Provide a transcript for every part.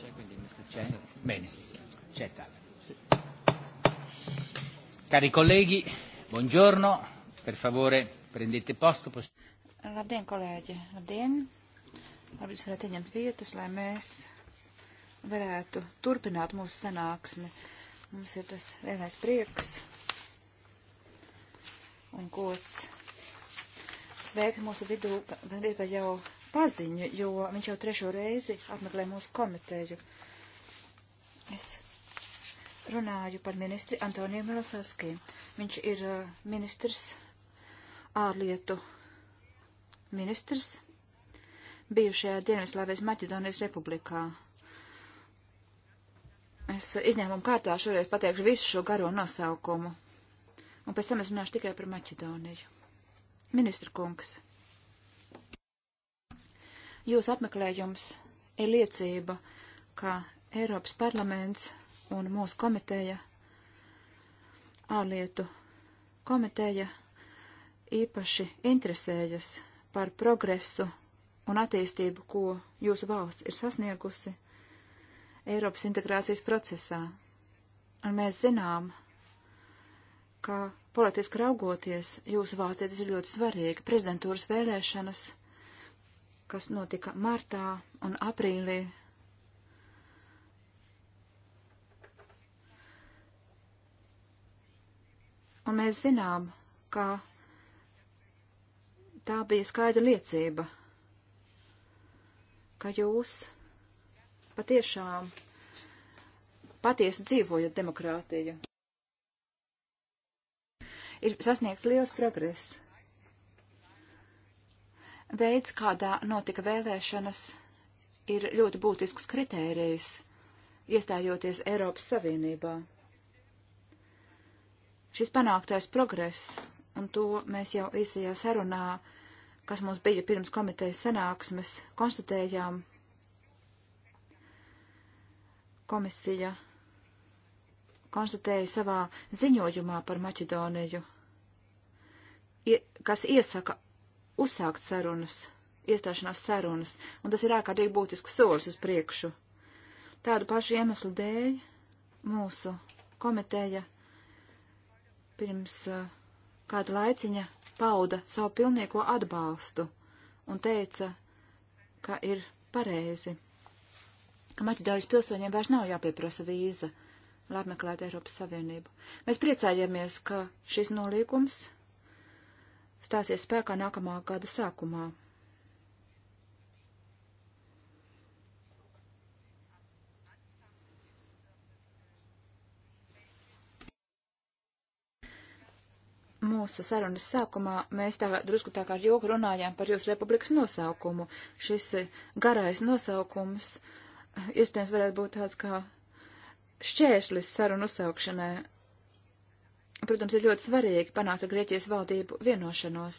C'è, quindi c'è? Bene, c'è tale. Sì. Cari colleghi, buongiorno, per favore prendete posto. Post... Labdien, kolēģi, labdien. Labi, jūs varētu ieņemt vietas, lai mēs varētu turpināt mūsu sanāksmi. Mums ir tas vienais prieks un gods sveikt mūsu vidū, gan arī jau paziņu, jo viņš jau trešo reizi apmeklē mūsu komiteju. Es runāju par ministri Antoniju Milosavskiju. Viņš ir uh, ministrs, ārlietu ministrs, bijušajā Dienvidslāvijas Maķedonijas republikā. Es izņēmumu kārtā šoreiz pateikšu visu šo garo nosaukumu, un pēc tam es runāšu tikai par Maķedoniju. Ministra kungs. Jūsu apmeklējums ir liecība, ka Eiropas parlaments un mūsu komiteja, ārlietu komiteja, īpaši interesējas par progresu un attīstību, ko jūsu valsts ir sasniegusi Eiropas integrācijas procesā. Un mēs zinām, ka politiski raugoties jūsu valstī tas ir ļoti svarīgi. Prezidentūras vēlēšanas kas notika martā un aprīlī. Un mēs zinām, ka tā bija skaidra liecība, ka jūs patiešām patiesi dzīvojat demokrātiju. Ir sasniegts liels progress. Veids, kādā notika vēlēšanas, ir ļoti būtisks kritērijs, iestājoties Eiropas Savienībā. Šis panāktais progress, un to mēs jau īsajā sarunā, kas mums bija pirms komitejas sanāksmes, konstatējām, komisija konstatēja savā ziņojumā par Maķedoniju, kas iesaka uzsākt sarunas, iestāšanās sarunas, un tas ir ārkārtīgi būtisks solis uz priekšu. Tādu pašu iemeslu dēļ mūsu komiteja pirms uh, kādu laiciņa pauda savu pilnieko atbalstu un teica, ka ir pareizi, ka Maķedonijas pilsoņiem vairs nav jāpieprasa vīza, lai apmeklētu Eiropas Savienību. Mēs priecājāmies, ka šis nolīgums stāsies spēkā nākamā gada sākumā. mūsu sarunas sākumā mēs tā drusku tā kā ar joku runājām par jūsu republikas nosaukumu. Šis garais nosaukums iespējams varētu būt tāds kā šķēršlis sarunu saukšanai protams, ir ļoti svarīgi panākt ar Grieķijas valdību vienošanos.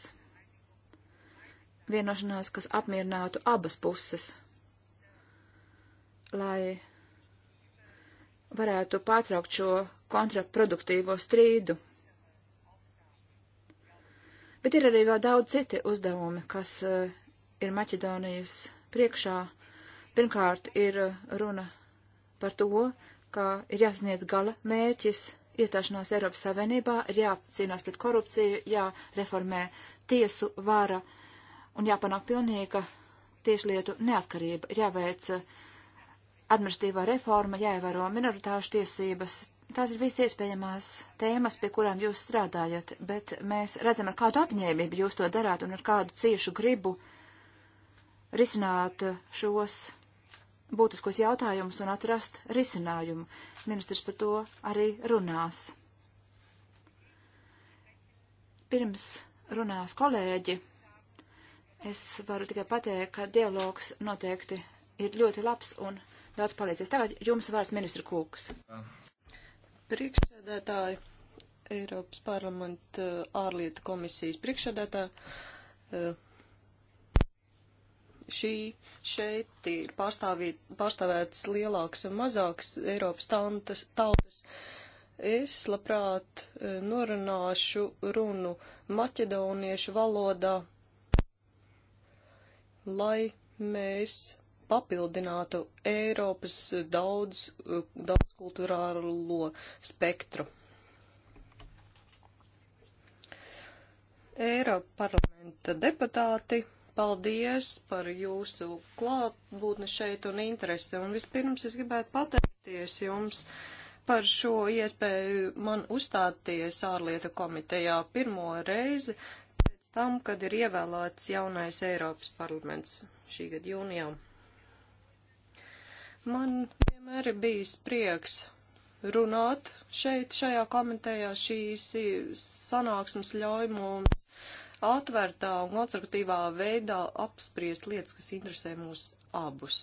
Vienošanos, kas apmierinātu abas puses, lai varētu pārtraukt šo kontraproduktīvo strīdu. Bet ir arī vēl daudz citi uzdevumi, kas uh, ir Maķedonijas priekšā. Pirmkārt, ir runa par to, ka ir jāsniedz gala mērķis iestāšanos Eiropas Savienībā ir jācīnās pret korupciju, jāreformē tiesu vara un jāpanāk pilnīga tieslietu neatkarība, ir jāveic eh, administratīvā reforma, jāievēro minoritāšu tiesības. Tās ir visi iespējamās tēmas, pie kurām jūs strādājat, bet mēs redzam, ar kādu apņēmību jūs to darāt un ar kādu ciešu gribu risināt eh, šos būtiskos jautājumus un atrast risinājumu. Ministrs par to arī runās. Pirms runās kolēģi, es varu tikai pateikt, ka dialogs noteikti ir ļoti labs un daudz palīdzēs. Tagad jums vārds ministra Kūks. Priekšsēdētāji, Eiropas parlamenta ārlietu komisijas priekšsēdētāji šī šeit ir pārstāvētas lielākas un mazākas Eiropas tantas, tautas. Es labprāt eh, norunāšu runu maķedoniešu valodā, lai mēs papildinātu Eiropas daudz, eh, daudz kulturālo spektru. Eiropa parlamenta deputāti Paldies par jūsu klātbūtni šeit un interesi. Un vispirms es gribētu pateikties jums par šo iespēju man uzstāties ārlietu komitejā pirmo reizi pēc tam, kad ir ievēlēts jaunais Eiropas parlaments šī gada jūnijā. Man vienmēr ir bijis prieks runāt šeit, šajā komitejā. Šīs sanāksmes ļauj mums atvērtā un konstruktīvā veidā apspriest lietas, kas interesē mūs abus,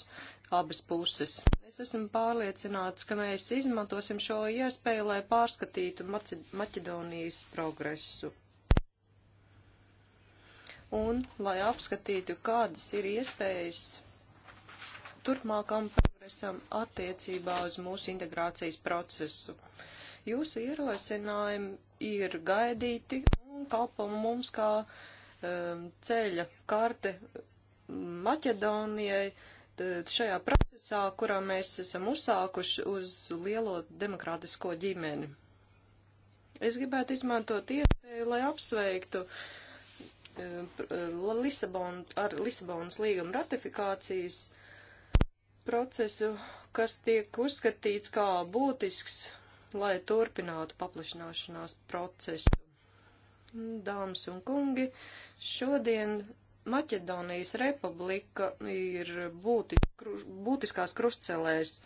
abas puses. Es esmu pārliecināts, ka mēs izmantosim šo iespēju, lai pārskatītu Maķedonijas progresu. Un lai apskatītu, kādas ir iespējas turpmākam progresam attiecībā uz mūsu integrācijas procesu. Jūsu ierosinājumi ir gaidīti un kalpo mums kā um, ceļa karte Maķedonijai šajā procesā, kurā mēs esam uzsākuši uz lielo demokrātisko ģimeni. Es gribētu izmantot iespēju, lai apsveiktu um, uh, Lisabon, ar Lisabonas līguma ratifikācijas procesu, kas tiek uzskatīts kā būtisks, lai turpinātu paplašināšanās procesu dāmas un kungi. Šodien Maķedonijas republika ir būtiskās krustcelēs.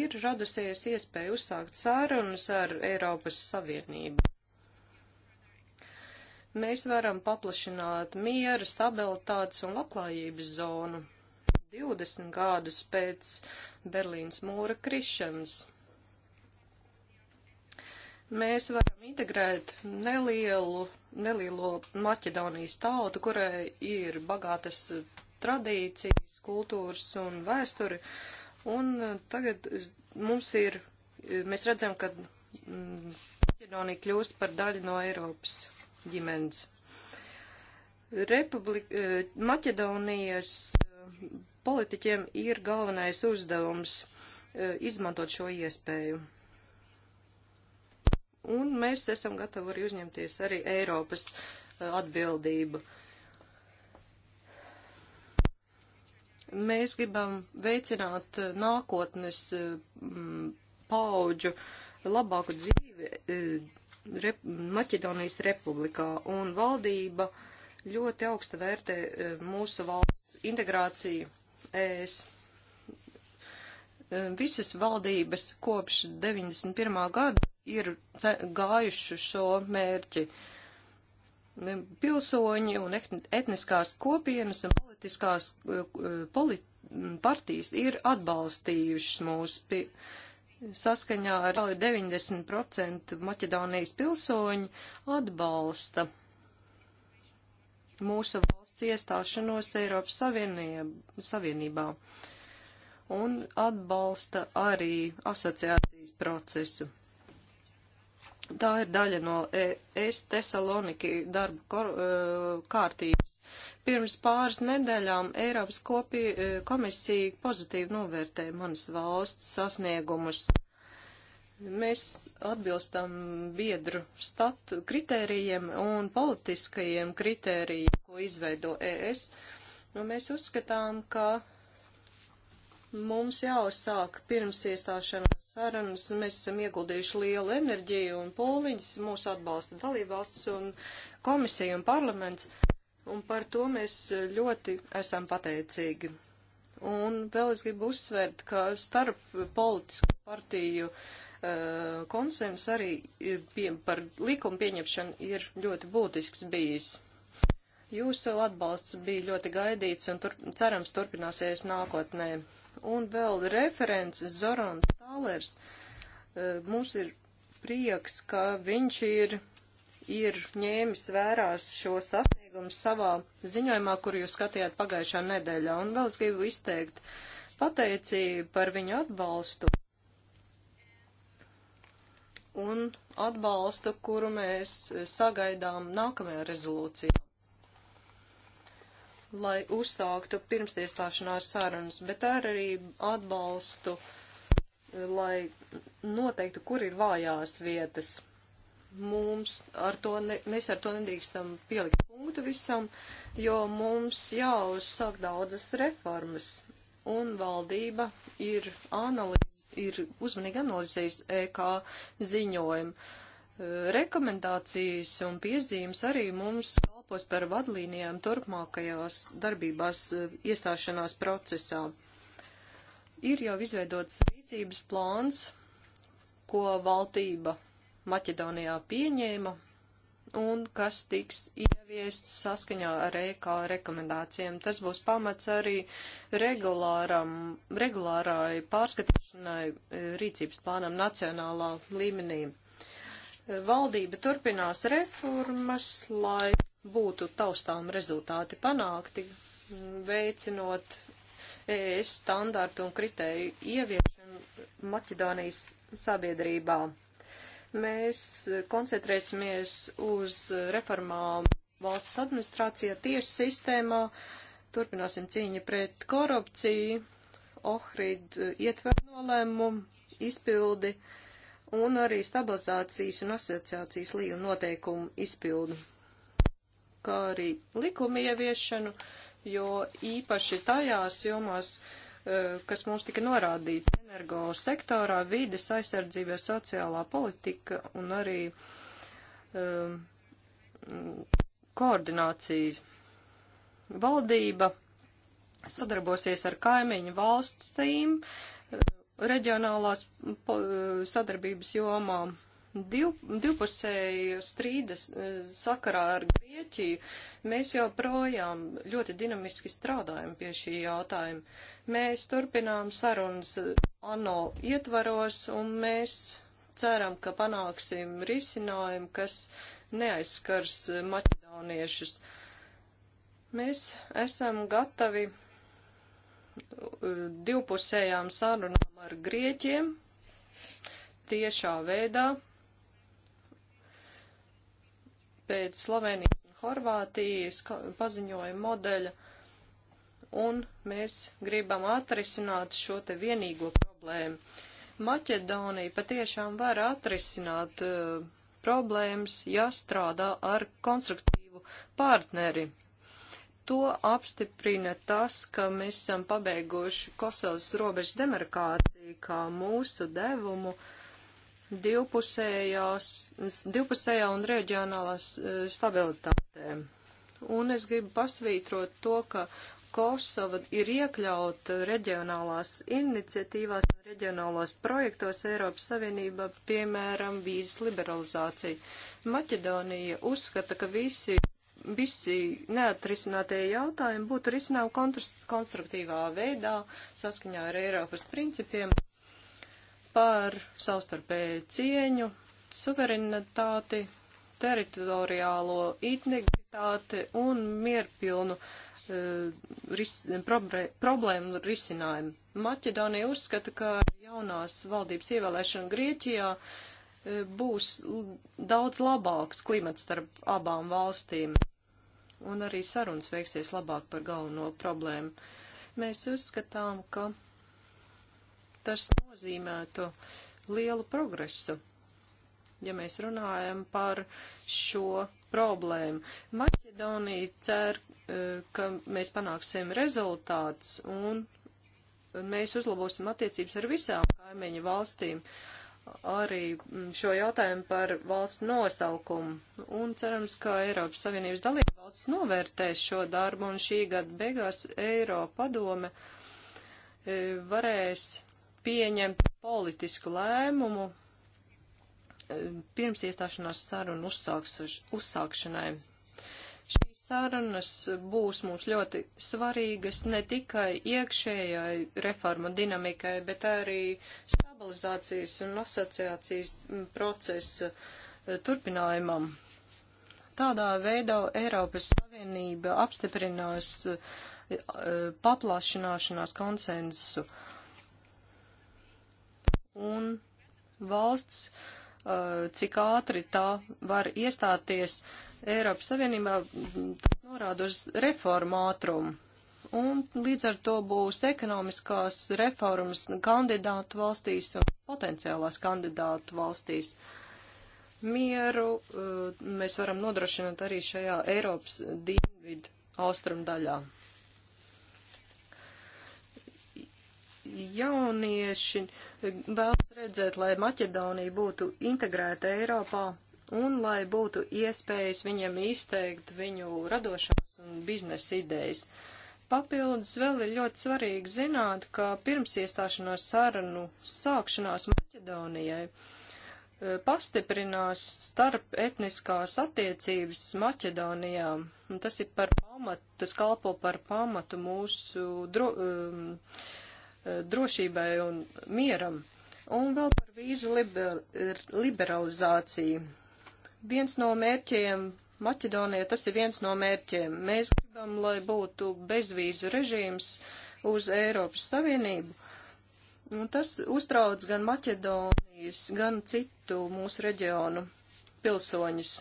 Ir radusies iespēja uzsākt sārunas ar Eiropas Savienību. Mēs varam paplašināt miera, stabilitātes un labklājības zonu 20 gadus pēc Berlīnas mūra krišanas mēs varam integrēt nelielu, nelielo Maķedonijas tautu, kurai ir bagātas tradīcijas, kultūras un vēsturi. Un eh, tagad eh, mums ir, eh, mēs redzam, ka mm, Maķedonija kļūst par daļu no Eiropas ģimenes. Republika, Maķedonijas politiķiem ir galvenais uzdevums izmantot šo iespēju un mēs esam gatavi arī uzņemties arī Eiropas eh, atbildību. Mēs gribam veicināt eh, nākotnes eh, paudžu labāku dzīvi Rep Maķedonijas republikā, un valdība ļoti augsta vērtē mūsu valsts integrāciju ES. Visas valdības kopš 91. gada ir gājuši šo mērķi. Pilsoņi un etniskās kopienas un politiskās e, e, polit, partijas ir atbalstījušas mūs pie, saskaņā ar 90% Maķedonijas pilsoņi atbalsta mūsu valsts iestāšanos Eiropas Savienībā un atbalsta arī asociācijas procesu. Tā ir daļa no ES Tesaloniki darba kor, e, kārtības. Pirms pāris nedēļām Eiropas kopī, e, komisija pozitīvi novērtē manas valsts sasniegumus. Mēs atbilstam biedru statu kritērijiem un politiskajiem kritērijiem, ko izveido ES. Un nu, mēs uzskatām, ka Mums jāuzsāk pirms iestāšanās sarunas, un mēs esam ieguldījuši lielu enerģiju un pūliņus, mūs atbalsta dalībvalsts un komisija un parlaments, un par to mēs ļoti esam pateicīgi. Un vēl es gribu uzsvērt, ka starp politisku partiju uh, konsens arī eh, pie, par likumu pieņemšanu ir ļoti būtisks bijis. Jūsu atbalsts bija ļoti gaidīts un tur, cerams turpināsies nākotnē. Un vēl referents Zorans Tālers. E, mums ir prieks, ka viņš ir, ir ņēmis vērās šo sasniegumu savā ziņojumā, kur jūs skatījāt pagājušā nedēļā. Un vēl es gribu izteikt pateicību par viņu atbalstu. Un atbalstu, kuru mēs sagaidām nākamajā rezolūcijā lai uzsāktu pirmstiesāšanās sarunas, bet ar arī atbalstu, lai noteiktu, kur ir vājās vietas. Mums ar to, ne, mēs ar to nedrīkstam pielikt punktu visam, jo mums jāuzsāk daudzas reformas, un valdība ir, analiz, ir uzmanīgi analizējis EK ziņojumu rekomendācijas un piezīmes arī mums kalpos par vadlīnijām turpmākajās darbībās eh, iestāšanās procesā. Ir jau izveidots rīcības plāns, ko valdība Maķedonijā pieņēma un kas tiks ieviests saskaņā ar EK rekomendācijām. Tas būs pamats arī regulārai pārskatīšanai eh, rīcības plānam nacionālā līmenī. Eh, valdība turpinās reformas, lai būtu taustām rezultāti panākti, veicinot ES standārtu un kritēriju ieviešanu Maķedonijas sabiedrībā. Mēs koncentrēsimies uz reformām valsts administrācijā, tiesu sistēmā, turpināsim cīņu pret korupciju, Ohrid ietver nolēmumu, izpildi un arī stabilizācijas un asociācijas līgu noteikumu izpildu kā arī likumu ieviešanu, jo īpaši tajās jomās, eh, kas mums tika norādīts energo sektorā, vides aizsardzībā, sociālā politika un arī um, koordinācija. Valdība sadarbosies ar kaimiņu valstīm eh, reģionālās sadarbības jomām div, divpusēju strīdas sakarā ar Grieķiju, mēs joprojām ļoti dinamiski strādājam pie šī jautājuma. Mēs turpinām sarunas ANO ietvaros un mēs ceram, ka panāksim risinājumu, kas neaizskars maķedoniešus. Mēs esam gatavi uh, divpusējām sarunām ar grieķiem tiešā veidā pēc Slovenijas Horvātijas paziņojuma modeļa, un mēs gribam atrisināt šo te vienīgo problēmu. Maķedonija patiešām var atrisināt uh, problēmas, ja strādā ar konstruktīvu partneri. To apstiprina tas, ka mēs esam pabeiguši Kosovas robežu demarkāciju kā mūsu devumu uh, divpusējās, divpusējā un reģionālās e, stabilitātē. Un es gribu pasvītrot to, ka Kosova ir iekļauta reģionālās iniciatīvās un reģionālos projektos Eiropas Savienībā, piemēram, vīzas liberalizācija. Maķedonija uzskata, ka visi, visi neatrisinātie jautājumi būtu risinām konstruktīvā veidā saskaņā ar Eiropas principiem par savstarpēju cieņu, suverenitāti, teritoriālo integritāti un mierpilnu uh, ris probre, problēmu risinājumu. Maķedonija uzskata, ka jaunās valdības ievēlēšana Grieķijā uh, būs daudz labāks klimats starp abām valstīm, un arī sarunas veiksies labāk par galveno problēmu. Mēs uzskatām, ka tas nozīmētu lielu progresu, ja mēs runājam par šo problēmu. Maķedonija cer, e, ka mēs panāksim rezultāts un mēs uzlabosim attiecības ar visām kaimiņu valstīm, arī šo jautājumu par valsts nosaukumu. Un cerams, ka Eiropas Savienības dalība valsts novērtēs šo darbu un šī gada beigās Eiropa padome e, varēs pieņemt politisku lēmumu eh, pirms iestāšanās sarunu uzsāks, uzsākšanai. Šīs sarunas būs mums ļoti svarīgas ne tikai iekšējai reforma dinamikai, bet arī stabilizācijas un asociācijas mm, procesa eh, turpinājumam. Tādā veidā Eiropas Savienība apstiprinās eh, paplašināšanās konsensu. Uh, un valsts, uh, cik ātri tā var iestāties Eiropas Savienībā, tas norāda uz reformu ātrumu. Un līdz ar to būs ekonomiskās reformas kandidātu valstīs un potenciālās kandidātu valstīs. Mieru uh, mēs varam nodrošināt arī šajā Eiropas dienvidu austrumdaļā. daļā. jaunieši vēlas redzēt, lai Maķedonija būtu integrēta Eiropā un lai būtu iespējas viņiem izteikt viņu radošās un biznesa idejas. Papildus vēl ir ļoti svarīgi zināt, ka pirms iestāšanos sarunu sākšanās Maķedonijai eh, pastiprinās starp etniskās attiecības Maķedonijā. Un tas ir par pamatu, tas kalpo par pamatu mūsu dro, um, Eh, drošībai un mieram. Un vēl par vīzu liber, liberalizāciju. Viens no mērķiem Maķedonijā tas ir viens no mērķiem. Mēs gribam, lai būtu bezvīzu režīms uz Eiropas Savienību. Un tas uztrauc gan Maķedonijas, gan citu mūsu reģionu pilsoņus.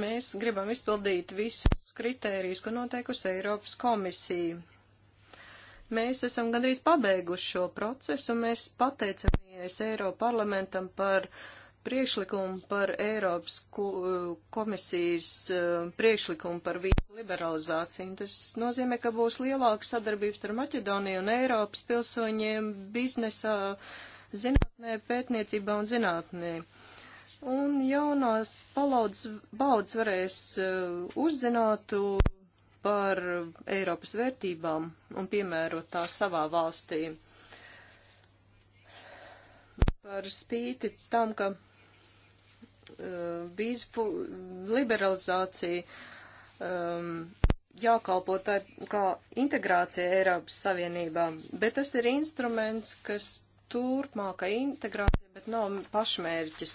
Mēs gribam izpildīt visus kritērijus, ko noteikusi Eiropas komisija. Mēs esam gandrīz pabeiguši šo procesu, un mēs pateicamies Eiropa parlamentam par priekšlikumu par Eiropas komisijas e, priekšlikumu par vīzu liberalizāciju. Tas nozīmē, ka būs lielāka sadarbības ar Maķedoniju un Eiropas pilsoņiem biznesā, zinātnē, pētniecībā un zinātnē un jaunās palaudzes baudas varēs uh, uzzināt, uh, par Eiropas vērtībām un piemērot tās savā valstī. Par spīti tam, ka uh, vīzu liberalizācija um, jākalpo tā kā integrācija Eiropas Savienībā, bet tas ir instruments, kas turpmākai integrācija bet nav pašmērķis.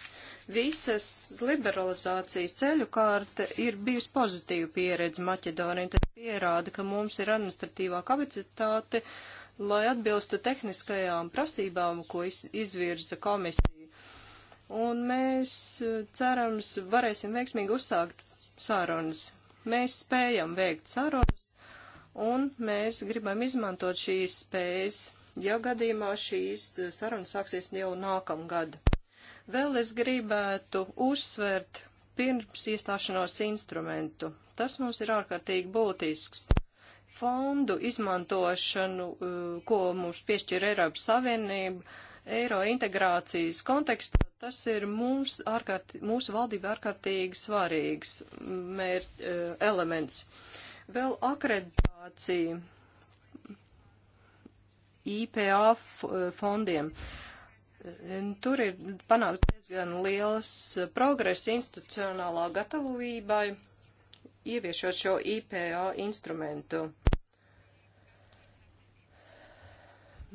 Visas liberalizācijas ceļu kārta ir bijusi pozitīva pieredze Maķedonijai. Tas pierāda, ka mums ir administratīvā kapacitāte, lai atbilstu tehniskajām prasībām, ko izvirza komisija. Un mēs, eh, cerams, varēsim veiksmīgi uzsākt sarunas. Mēs spējam veikt sarunas, un mēs gribam izmantot šīs spējas ja gadījumā šīs sarunas sāksies jau nākamgad. Vēl es gribētu uzsvērt pirms iestāšanos instrumentu. Tas mums ir ārkārtīgi būtisks fondu izmantošanu, uh, ko mums piešķir Eiropas Savienība, eiro integrācijas kontekstā, tas ir mums ārkārt, mūsu valdība ārkārtīgi svarīgs mm, mēr, uh, elements. Vēl akreditācija. IPA fondiem. Tur ir panākts diezgan liels progress institucionālā gatavībai, ieviešot šo IPA instrumentu.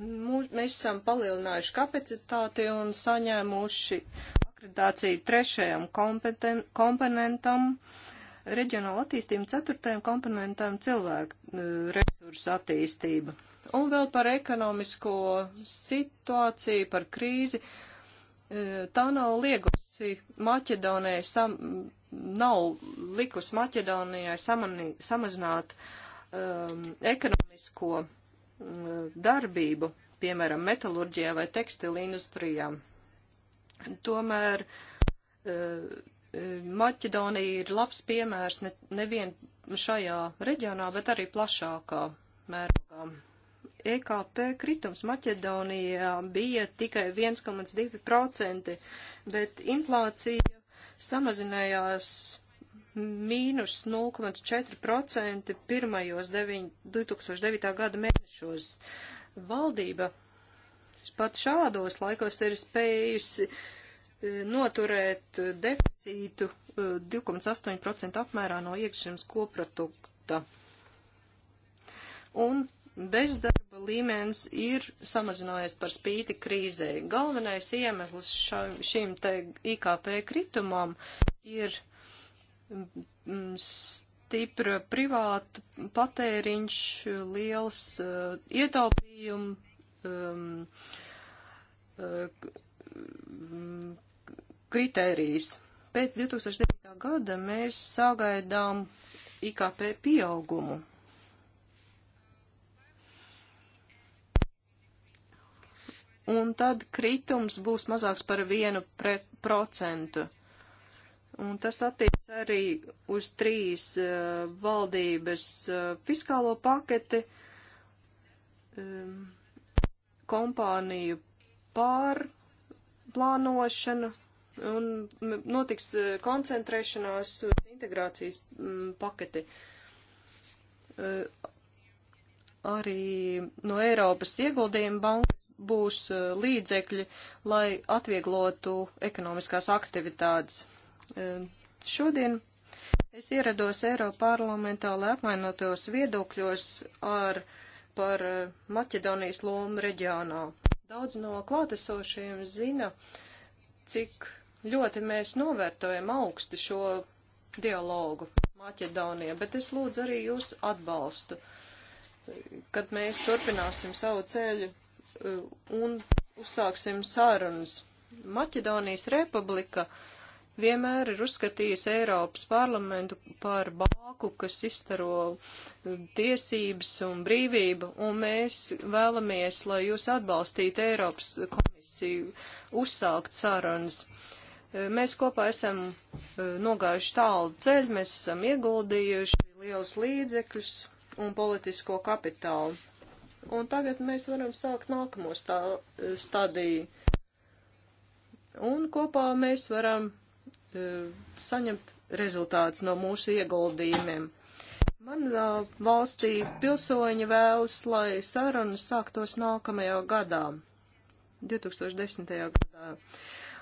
Mēs esam palielinājuši kapacitāti un saņēmuši akreditāciju trešajam komponentam, reģionāla attīstība ceturtajam komponentam cilvēku eh, resursu attīstība. Un vēl par ekonomisko situāciju, par krīzi. E, tā nav liegusi Maķedonijai, sam, nav likus Maķedonijai samanī, samazināt um, ekonomisko um, darbību, piemēram, metalurģijā vai tekstilu industrijā. Tomēr uh, Maķedonija ir labs piemērs ne, nevien šajā reģionā, bet arī plašākā mērogā. EKP kritums Maķedonijā bija tikai 1,2%, bet inflācija samazinājās mīnus 0,4% pirmajos 9, 2009. gada mēnešos. Valdība pat šādos laikos ir spējusi uh, noturēt deficītu 2,8% e, apmērā no iekšzemes koprodukta. Un bezdarba līmenis ir samazinājies par spīti krīzē. Galvenais iemesls ša, šim te IKP kritumam ir mm, stipra privāta patēriņš, liels uh, e, ietaupījums, um, e, uh, kritērijas. Pēc 2009. gada mēs sagaidām IKP pieaugumu. Un tad kritums būs mazāks par vienu procentu. Un tas attiec arī uz trīs uh, valdības uh, fiskālo paketi, um, kompāniju pārplānošanu un notiks eh, koncentrēšanās uz integrācijas mm, paketi. Eh, arī no Eiropas ieguldījuma bankas būs eh, līdzekļi, lai atvieglotu ekonomiskās aktivitātes. Šodien es ierados Eiropa parlamentā, lai apmainotos viedokļos ar, par Maķedonijas lomu reģionā. Daudz no klātesošiem zina, cik Ļoti mēs novērtojam augsti šo dialogu Maķedonijā, bet es lūdzu arī jūsu atbalstu, kad mēs turpināsim savu ceļu uh, un uzsāksim sarunas. Maķedonijas republika vienmēr ir uzskatījusi Eiropas parlamentu par bāku, kas izstaro uh, tiesības un brīvību, un mēs vēlamies, lai jūs atbalstītu Eiropas komisiju uzsākt sarunas. Mēs kopā esam e, nogājuši tālu ceļu, mēs esam ieguldījuši lielus līdzekļus un politisko kapitālu. Un tagad mēs varam sākt nākamo stā, e, stadiju. Un kopā mēs varam uh, saņemt rezultātus no mūsu ieguldījumiem. Manā uh, valstī pilsoņi vēlas, lai sarunas sāktos nākamajā gadā, 2010. gadā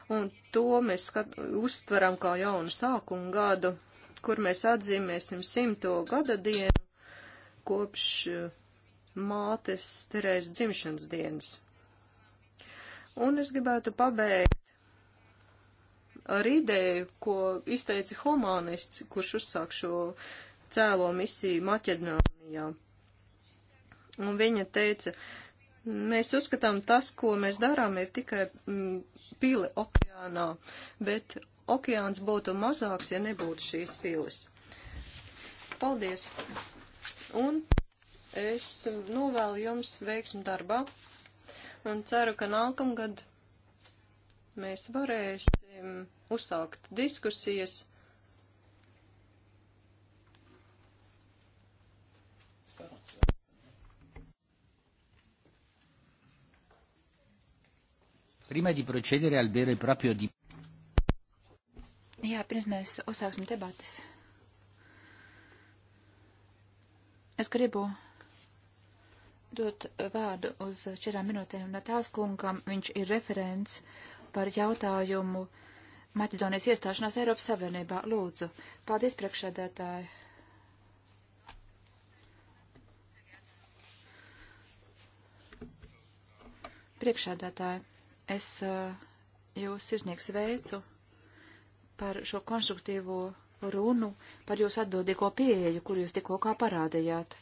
un to mēs skat, uztveram kā jaunu sākumu gadu, kur mēs atzīmēsim simto gada dienu kopš uh, mātes Terēzes dzimšanas dienas. Un es gribētu pabeigt ar ideju, ko izteica humanists, kurš uzsāk šo cēlo misiju Maķedonijā. Un viņa teica, uh, Mēs uzskatām, tas, ko mēs darām, ir tikai mm, pili okeānā, bet okeāns būtu mazāks, ja nebūtu šīs pilis. Paldies! Un es novēlu jums veiksmu darbā un ceru, ka nākamgad mēs varēsim uzsākt diskusijas Prima di procedere al vero e proprio di... Jā, pirms mēs uzsāksim debatas. Es gribu dot vārdu uz četrām minūtēm Natāls kungam. Viņš ir referents par jautājumu Maķedonijas iestāšanās Eiropas Savienībā. Lūdzu, paldies priekšsēdētāji. Priekšsēdētāji. Es eh, jūs sirsnieks veicu par šo konstruktīvo runu, par jūsu atbildīgo pieeju, kur jūs tikko kā parādījāt.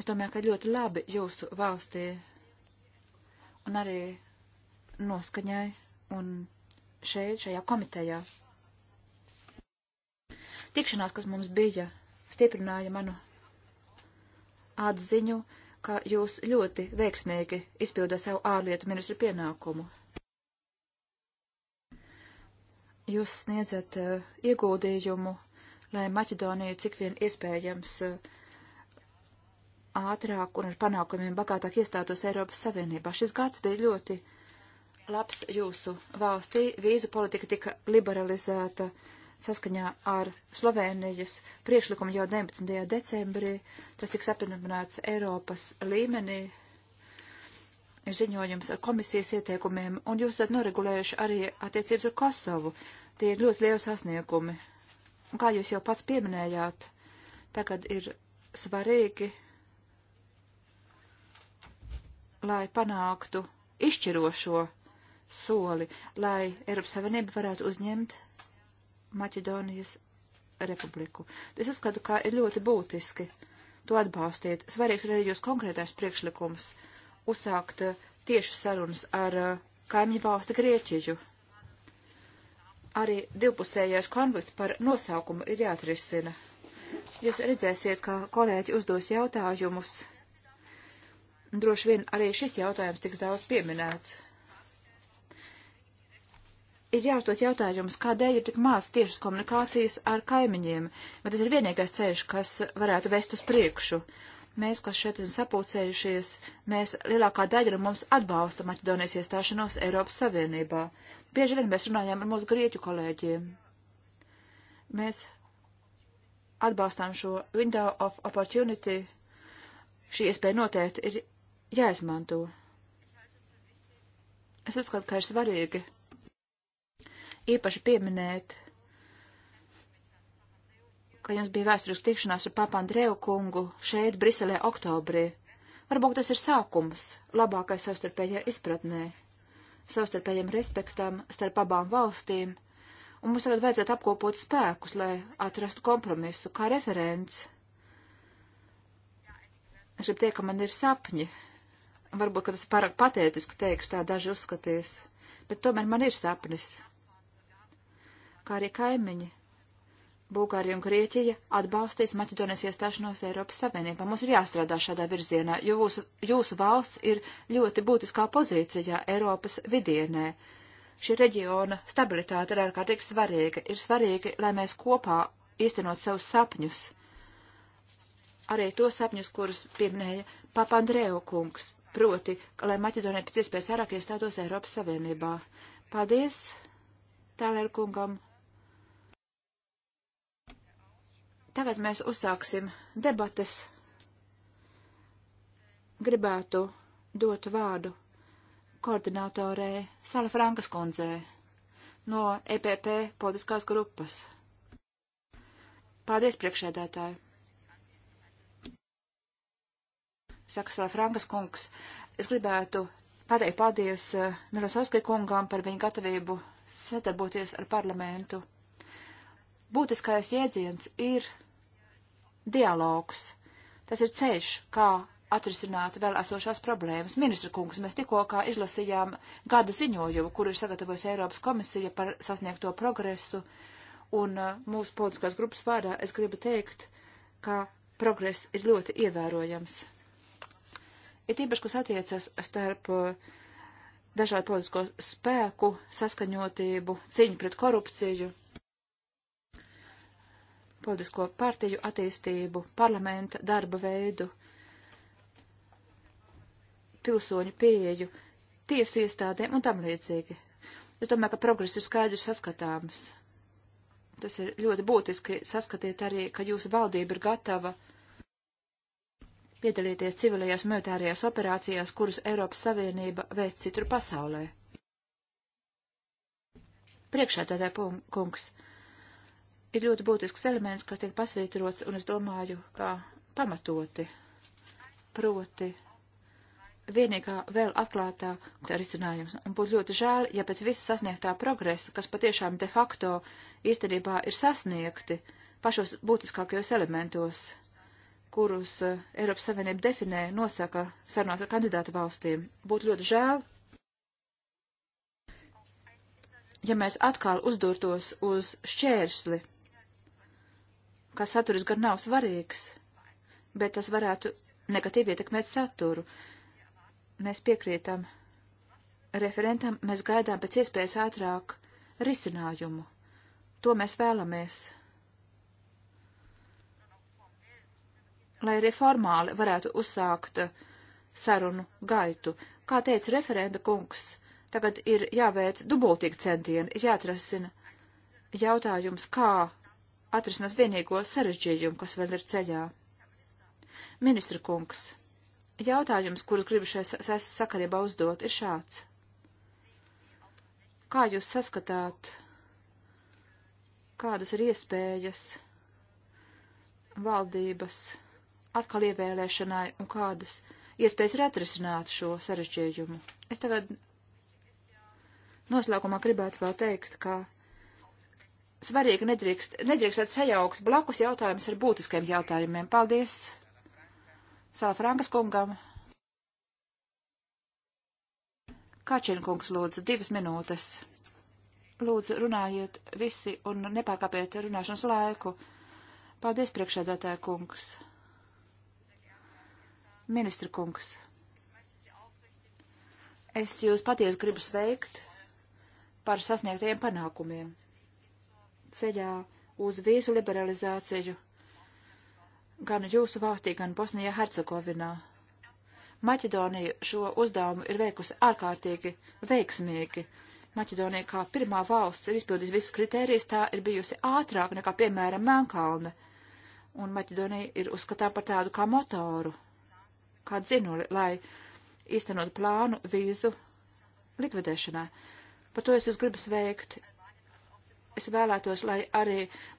Es domāju, ka ļoti labi jūsu valstī un arī noskaņai un šeit, šajā komitejā. Tikšanās, kas mums bija, stiprināja manu atziņu, uh, ka jūs ļoti veiksmīgi izpildat savu ārlietu ministru pienākumu. Jūs sniedzat uh, ieguldījumu, lai Maķedonija cik vien iespējams uh, ātrāk un ar panākumiem bagātāk iestātos Eiropas Savienībā. Šis gads bija ļoti labs jūsu valstī. Vīzu politika tika liberalizēta. Uh, saskaņā ar Slovēnijas priekšlikumu jau 19. decembrī. Tas tiks apvienots Eiropas līmenī. Ir ziņojums ar komisijas ieteikumiem, un jūs esat noregulējuši arī attiecības ar Kosovu. Tie ir ļoti lieli sasniegumi. Un kā jūs jau pats pieminējāt, tagad ir svarīgi, lai panāktu izšķirošo soli, lai Eiropas Savienība varētu uzņemt Maķedonijas republiku. Es uzskatu, ka ir ļoti būtiski to atbalstīt. Svarīgs ir arī jūs konkrētais priekšlikums uzsākt eh, tieši sarunas ar eh, kaimiņu valsti Grieķiju. Arī divpusējais konflikts par nosaukumu ir jāatrisina. Jūs redzēsiet, ka kolēģi uzdos jautājumus. Droši vien arī šis jautājums tiks daudz pieminēts ir jāuzdot jautājums, kādēļ ir tik maz tiešas komunikācijas ar kaimiņiem, vai tas ir vienīgais ceļš, kas varētu vest uz priekšu. Mēs, kas šeit esam sapulcējušies, mēs lielākā daļa no mums atbalsta Maķedonijas iestāšanos Eiropas Savienībā. Bieži vien mēs runājām ar mūsu grieķu kolēģiem. Mēs atbalstām šo window of opportunity. Šī iespēja noteikti ir jāizmanto. Es uzskatu, ka ir svarīgi īpaši pieminēt, ka jums bija vēsturiski tikšanās ar Papandreju kungu šeit, Briselē, oktobrī. Varbūt tas ir sākums labākai savstarpējai izpratnē, savstarpējiem respektam starp abām valstīm, un mums tagad vajadzētu apkopot spēkus, lai atrastu kompromisu kā referents. Es gribu teikt, ka man ir sapņi. Varbūt, ka tas pārāk patētiski teiks, tā daži uzskatīs, bet tomēr man ir sapnis kā arī kaimiņi. Bulgārija un Grieķija atbalstīs Maķedonijas iestāšanos Eiropas Savienībā. Mums ir jāstrādā šādā virzienā, jo jūsu, jūsu valsts ir ļoti būtiskā pozīcijā Eiropas vidienē. Šī reģiona stabilitāte ir ārkārtīgi svarīga. Ir svarīgi, lai mēs kopā īstenot savus sapņus. Arī tos sapņus, kurus pieminēja Papandreu kungs, proti, lai Maķedonija pēc iespējas ārāk iestātos Eiropas Savienībā. Paldies Tālēr kungam! Tagad mēs uzsāksim debates. Gribētu dot vārdu koordinātorē Sala Frankas kundzē no EPP politiskās grupas. Paldies, priekšēdētāji! Saka Sala Frankas kungs, es gribētu pateikt paldies uh, Milosovskai kungām par viņa gatavību sadarboties ar parlamentu. Būtiskais jēdziens ir dialogs. Tas ir ceļš, kā atrisināt vēl esošās problēmas. Ministra kungs, mēs tikko kā izlasījām gada ziņojumu, kur ir sagatavojusi Eiropas komisija par sasniegto progresu, un uh, mūsu politiskās grupas vārdā es gribu teikt, ka progress ir ļoti ievērojams. Ir tīpaši, kas attiecas starp uh, dažādu politisko spēku, saskaņotību, cīņu pret korupciju politisko partiju attīstību, parlamenta darba veidu, pilsoņu pieeju, tiesu iestādēm un tam līdzīgi. Es domāju, ka progress ir skaidrs saskatāms. Tas ir ļoti būtiski saskatīt arī, ka jūsu valdība ir gatava piedalīties civilajās militārajās operācijās, kuras Eiropas Savienība veic citur pasaulē. Priekšā tādā kungs. Punk ir ļoti būtisks elements, kas tiek pasvītrots, un es domāju, kā pamatoti, proti, vienīgā vēl atklātā risinājums. Un būtu ļoti žēl, ja pēc visa sasniegtā progresa, kas patiešām de facto īstenībā ir sasniegti pašos būtiskākajos elementos, kurus uh, Eiropas Savienība definē, nosaka sarunās ar kandidātu valstīm, būtu ļoti žēl, ja mēs atkal uzdurtos uz šķērsli kā saturis gan nav svarīgs, bet tas varētu negatīvi ietekmēt saturu. Mēs piekrītam referentam, mēs gaidām pēc iespējas ātrāk risinājumu. To mēs vēlamies. Lai arī formāli varētu uzsākt sarunu gaitu. Kā teica referenda kungs, tagad ir jāveic dubultīgi centieni, ir jāatrasina jautājums, kā atrisināt vienīgo sarežģījumu, kas vēl ir ceļā. Ministra kungs, jautājums, kurus gribu šai sakarībā uzdot, ir šāds. Kā jūs saskatāt, kādas ir iespējas valdības atkal ievēlēšanai un kādas iespējas ir atrisināt šo sarežģījumu? Es tagad noslēgumā gribētu vēl teikt, ka svarīgi nedrīkst, nedrīkstēt sajaukt blakus jautājumus ar būtiskiem jautājumiem. Paldies Salafrankas kungam. Kačinkungs lūdzu divas minūtes. Lūdzu, runājiet visi un nepārkāpiet runāšanas laiku. Paldies, priekšēdētāja kungs. Ministra kungs. Es jūs patiesi gribu sveikt par sasniegtajiem panākumiem ceļā uz vīzu liberalizāciju gan jūsu valstī, gan Bosnijā Hercegovinā. Maķedonija šo uzdevumu ir veikusi ārkārtīgi veiksmīgi. Maķedonija kā pirmā valsts ir izpildījusi visus kritērijus, tā ir bijusi ātrāk nekā, piemēram, Melnkalne. Un Maķedonija ir uzskatām par tādu kā motoru, kā dzinuli, lai īstenot plānu vīzu likvidēšanai. Par to es jūs gribu sveikt es vēlētos, lai arī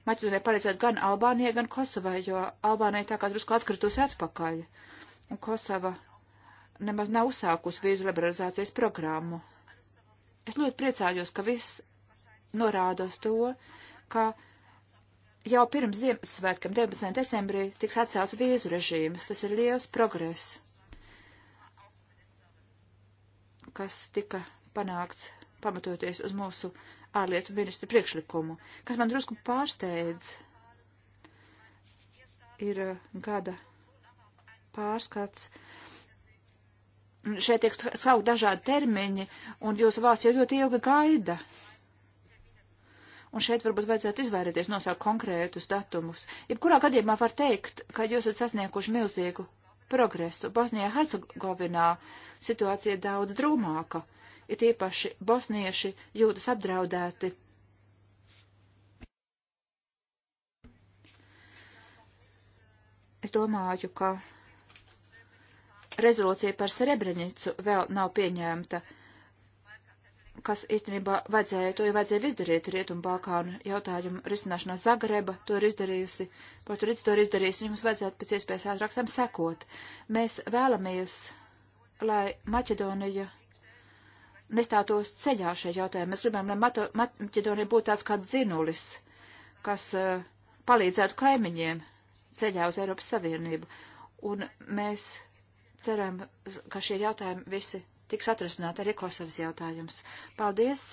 Maķedonijai palīdzētu gan Albānijai, gan Kosovai, jo Albānija tā kā drusku atkritusi atpakaļ. Un Kosova nemaz nav uzsākusi vīzu liberalizācijas programmu. Es ļoti priecājos, ka viss norāda uz to, ka jau pirms Ziemassvētkiem 19. decembrī tiks atcelts vīzu režīms. Tas ir liels progress, kas tika panākts pamatoties uz mūsu ārlietu ministra priekšlikumu. Kas man drusku pārsteidz, ir uh, gada pārskats. Šeit tiek saukt dažādi termiņi, un jūsu valsts jau ļoti ilgi gaida. Un šeit varbūt vajadzētu izvairīties nosaukt konkrētus datumus. Jebkurā gadījumā var teikt, ka jūs esat sasnieguši milzīgu progresu. Bosnijā Hercegovinā situācija ir daudz drūmāka. Uh, it īpaši bosnieši jūtas apdraudēti. Es domāju, ka rezolūcija par Srebrenicu vēl nav pieņemta, kas īstenībā vajadzēja, to jau vajadzēja izdarīt Rietumbākānu jautājumu risināšanā Zagreba, to ir izdarījusi, Porturīts to ir izdarījusi, un jums vajadzētu pēc iespējas ātrāk tam sekot. Mēs vēlamies, lai Maķedonija nestātos ceļā šajā jautājumā. Mēs gribam, lai Maķedonija būtu tāds kā dzinulis, kas uh, palīdzētu kaimiņiem ceļā uz Eiropas Savienību. Un mēs ceram, ka šie jautājumi visi tiks atrasināti arī Kosovas jautājums. Paldies!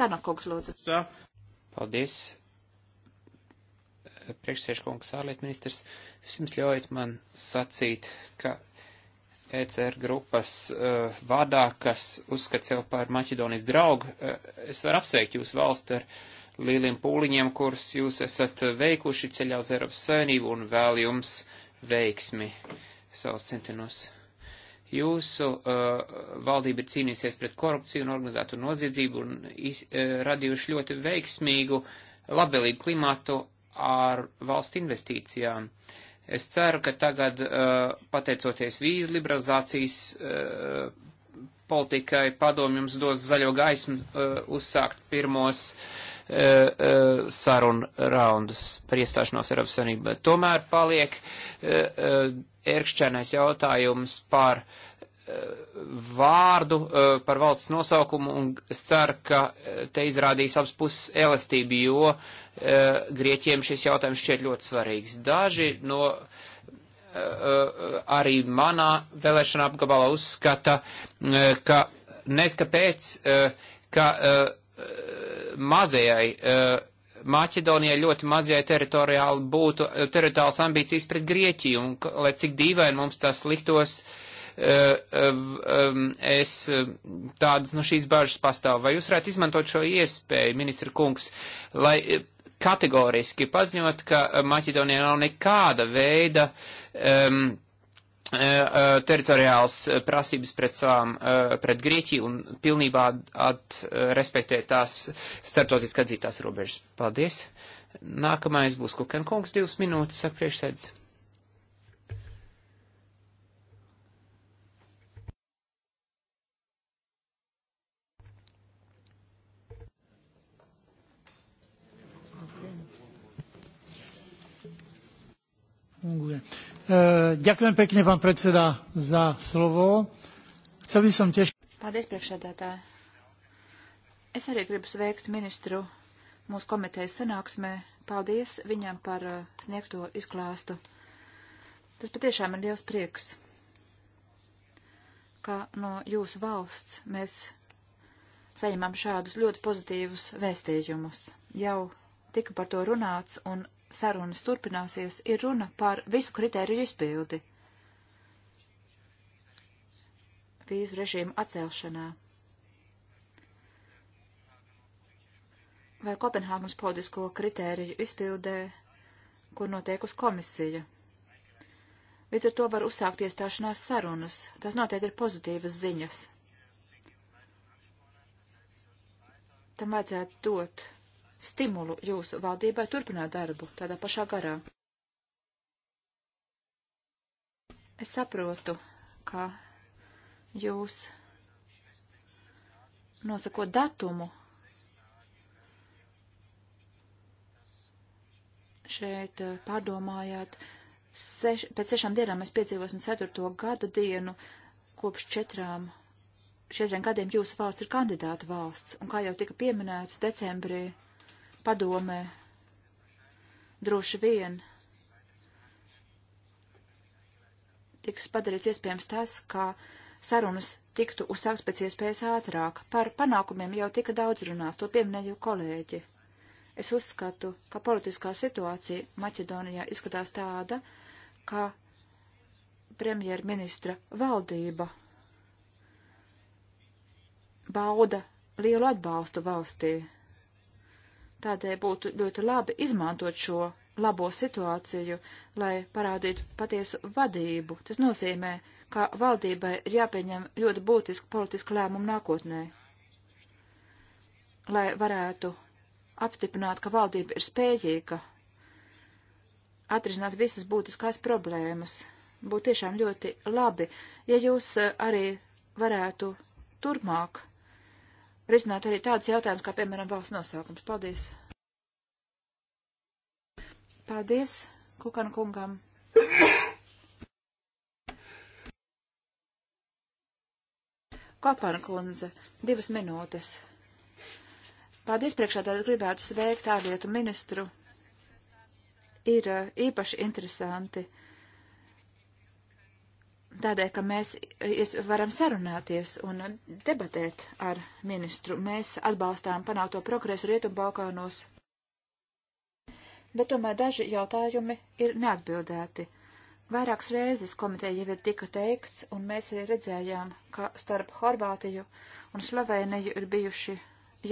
Tanakoks, lūdzu. Paldies! Priekšsēžkungs, ārlietu ministrs, jūs jums ļaujat man sacīt, ka ECR grupas uh, eh, vadā, kas uzskata sev par Maķedonijas draugu. Uh, es varu apsveikt jūsu valsti ar lieliem pūliņiem, kurus jūs esat veikuši ceļā uz Eiropas Savienību un vēl jums veiksmi savus centienos. Jūsu uh, valdība ir cīnīsies pret korupciju un organizētu noziedzību un iz, uh, radījuši ļoti veiksmīgu labvēlīgu klimatu ar valstu investīcijām. Uh, Es ceru, ka tagad, uh, pateicoties vīzu liberalizācijas uh, politikai, padomjums dos zaļo gaismu uh, uzsākt pirmos sarunu raundus par iestāšanos Eiropas Savienībā. Tomēr paliek ērkšķēnais jautājums par uh, vārdu eh, par valsts nosaukumu un es ceru, ka eh, te izrādīs abas puses elastību, jo eh, Grieķiem šis jautājums šķiet ļoti svarīgs. Daži no arī manā vēlēšana apgabalā uzskata, ka neskapēc, ka mazajai Maķedonijai ļoti mazajai teritoriāli būtu teritoriāls ambīcijas pret Grieķiju, un lai cik dīvaini mums tas liktos, uh, Eh, eh, es eh, tādas, nu, šīs bažas pastāv. Vai jūs varētu izmantot šo iespēju, ministra kungs, lai kategoriski paziņot, ka Maķedonijā nav nekāda veida um, teritoriāls prasības pret savām, pret Grieķiju un pilnībā atrespektē tās startotiski atzītās robežas. Paldies! Nākamais būs Kukenkungs, divas minūtes, saka priekšsēdz. funguje. E, ďakujem pekne, pán predseda, za slovo. Chcel by som tiež... Paldies, priekšsēdētāji. Es arī gribu sveikt ministru mūsu komitejas sanāksmē. Paldies viņam par e, sniegto izklāstu. Tas patiešām ir liels prieks, ka no jūsu valsts mēs saņemam šādus ļoti pozitīvus vēstījumus. Jau tika par to runāts, un sarunas turpināsies, ir runa par visu kritēriju izpildi vīzu režīmu atcelšanā. Vai Kopenhāgas politisko kritēriju izpildē, kur noteikusi komisija. Līdz ar to var uzsākt iestāšanās sarunas. Tas noteikti ir pozitīvas ziņas. Tam vajadzētu dot stimulu jūsu valdībai turpināt darbu tādā pašā garā. Es saprotu, ka jūs nosakot datumu šeit eh, pārdomājāt, seš, pēc sešām dienām mēs piedzīvosim ceturto gada dienu kopš četrām, četriem gadiem jūsu valsts ir kandidāta valsts, un kā jau tika pieminēts, decembrī padomē. Droši vien tiks padarīts iespējams tas, ka sarunas tiktu uzsāks pēc iespējas ātrāk. Par panākumiem jau tika daudz runāts, to pieminēju kolēģi. Es uzskatu, ka politiskā situācija Maķedonijā izskatās tāda, ka premjerministra valdība bauda lielu atbalstu valstī. Tādēļ būtu ļoti labi izmantot šo labo situāciju, lai parādītu patiesu vadību. Tas nozīmē, ka valdībai ir jāpieņem ļoti būtiski politiski lēmumi nākotnē, lai varētu apstiprināt, ka valdība ir spējīga atrisināt visas būtiskās problēmas. Būtu tiešām ļoti labi, ja jūs eh, arī varētu turpmāk risināt arī tādus jautājumus, kā, piemēram, valsts nosaukums. Paldies! Paldies Kukan kungam! Kopana kundze, divas minūtes. Paldies priekšādāt, gribētu sveikt ārlietu ministru. Ir uh, īpaši interesanti tādēļ, ka mēs varam sarunāties un debatēt ar ministru. Mēs atbalstām panākto progresu Rietumbalkānos, bet tomēr daži jautājumi ir neatbildēti. Vairākas reizes komiteja jau ir tika teikts, un mēs arī redzējām, ka starp Horvātiju un Sloveniju ir bijuši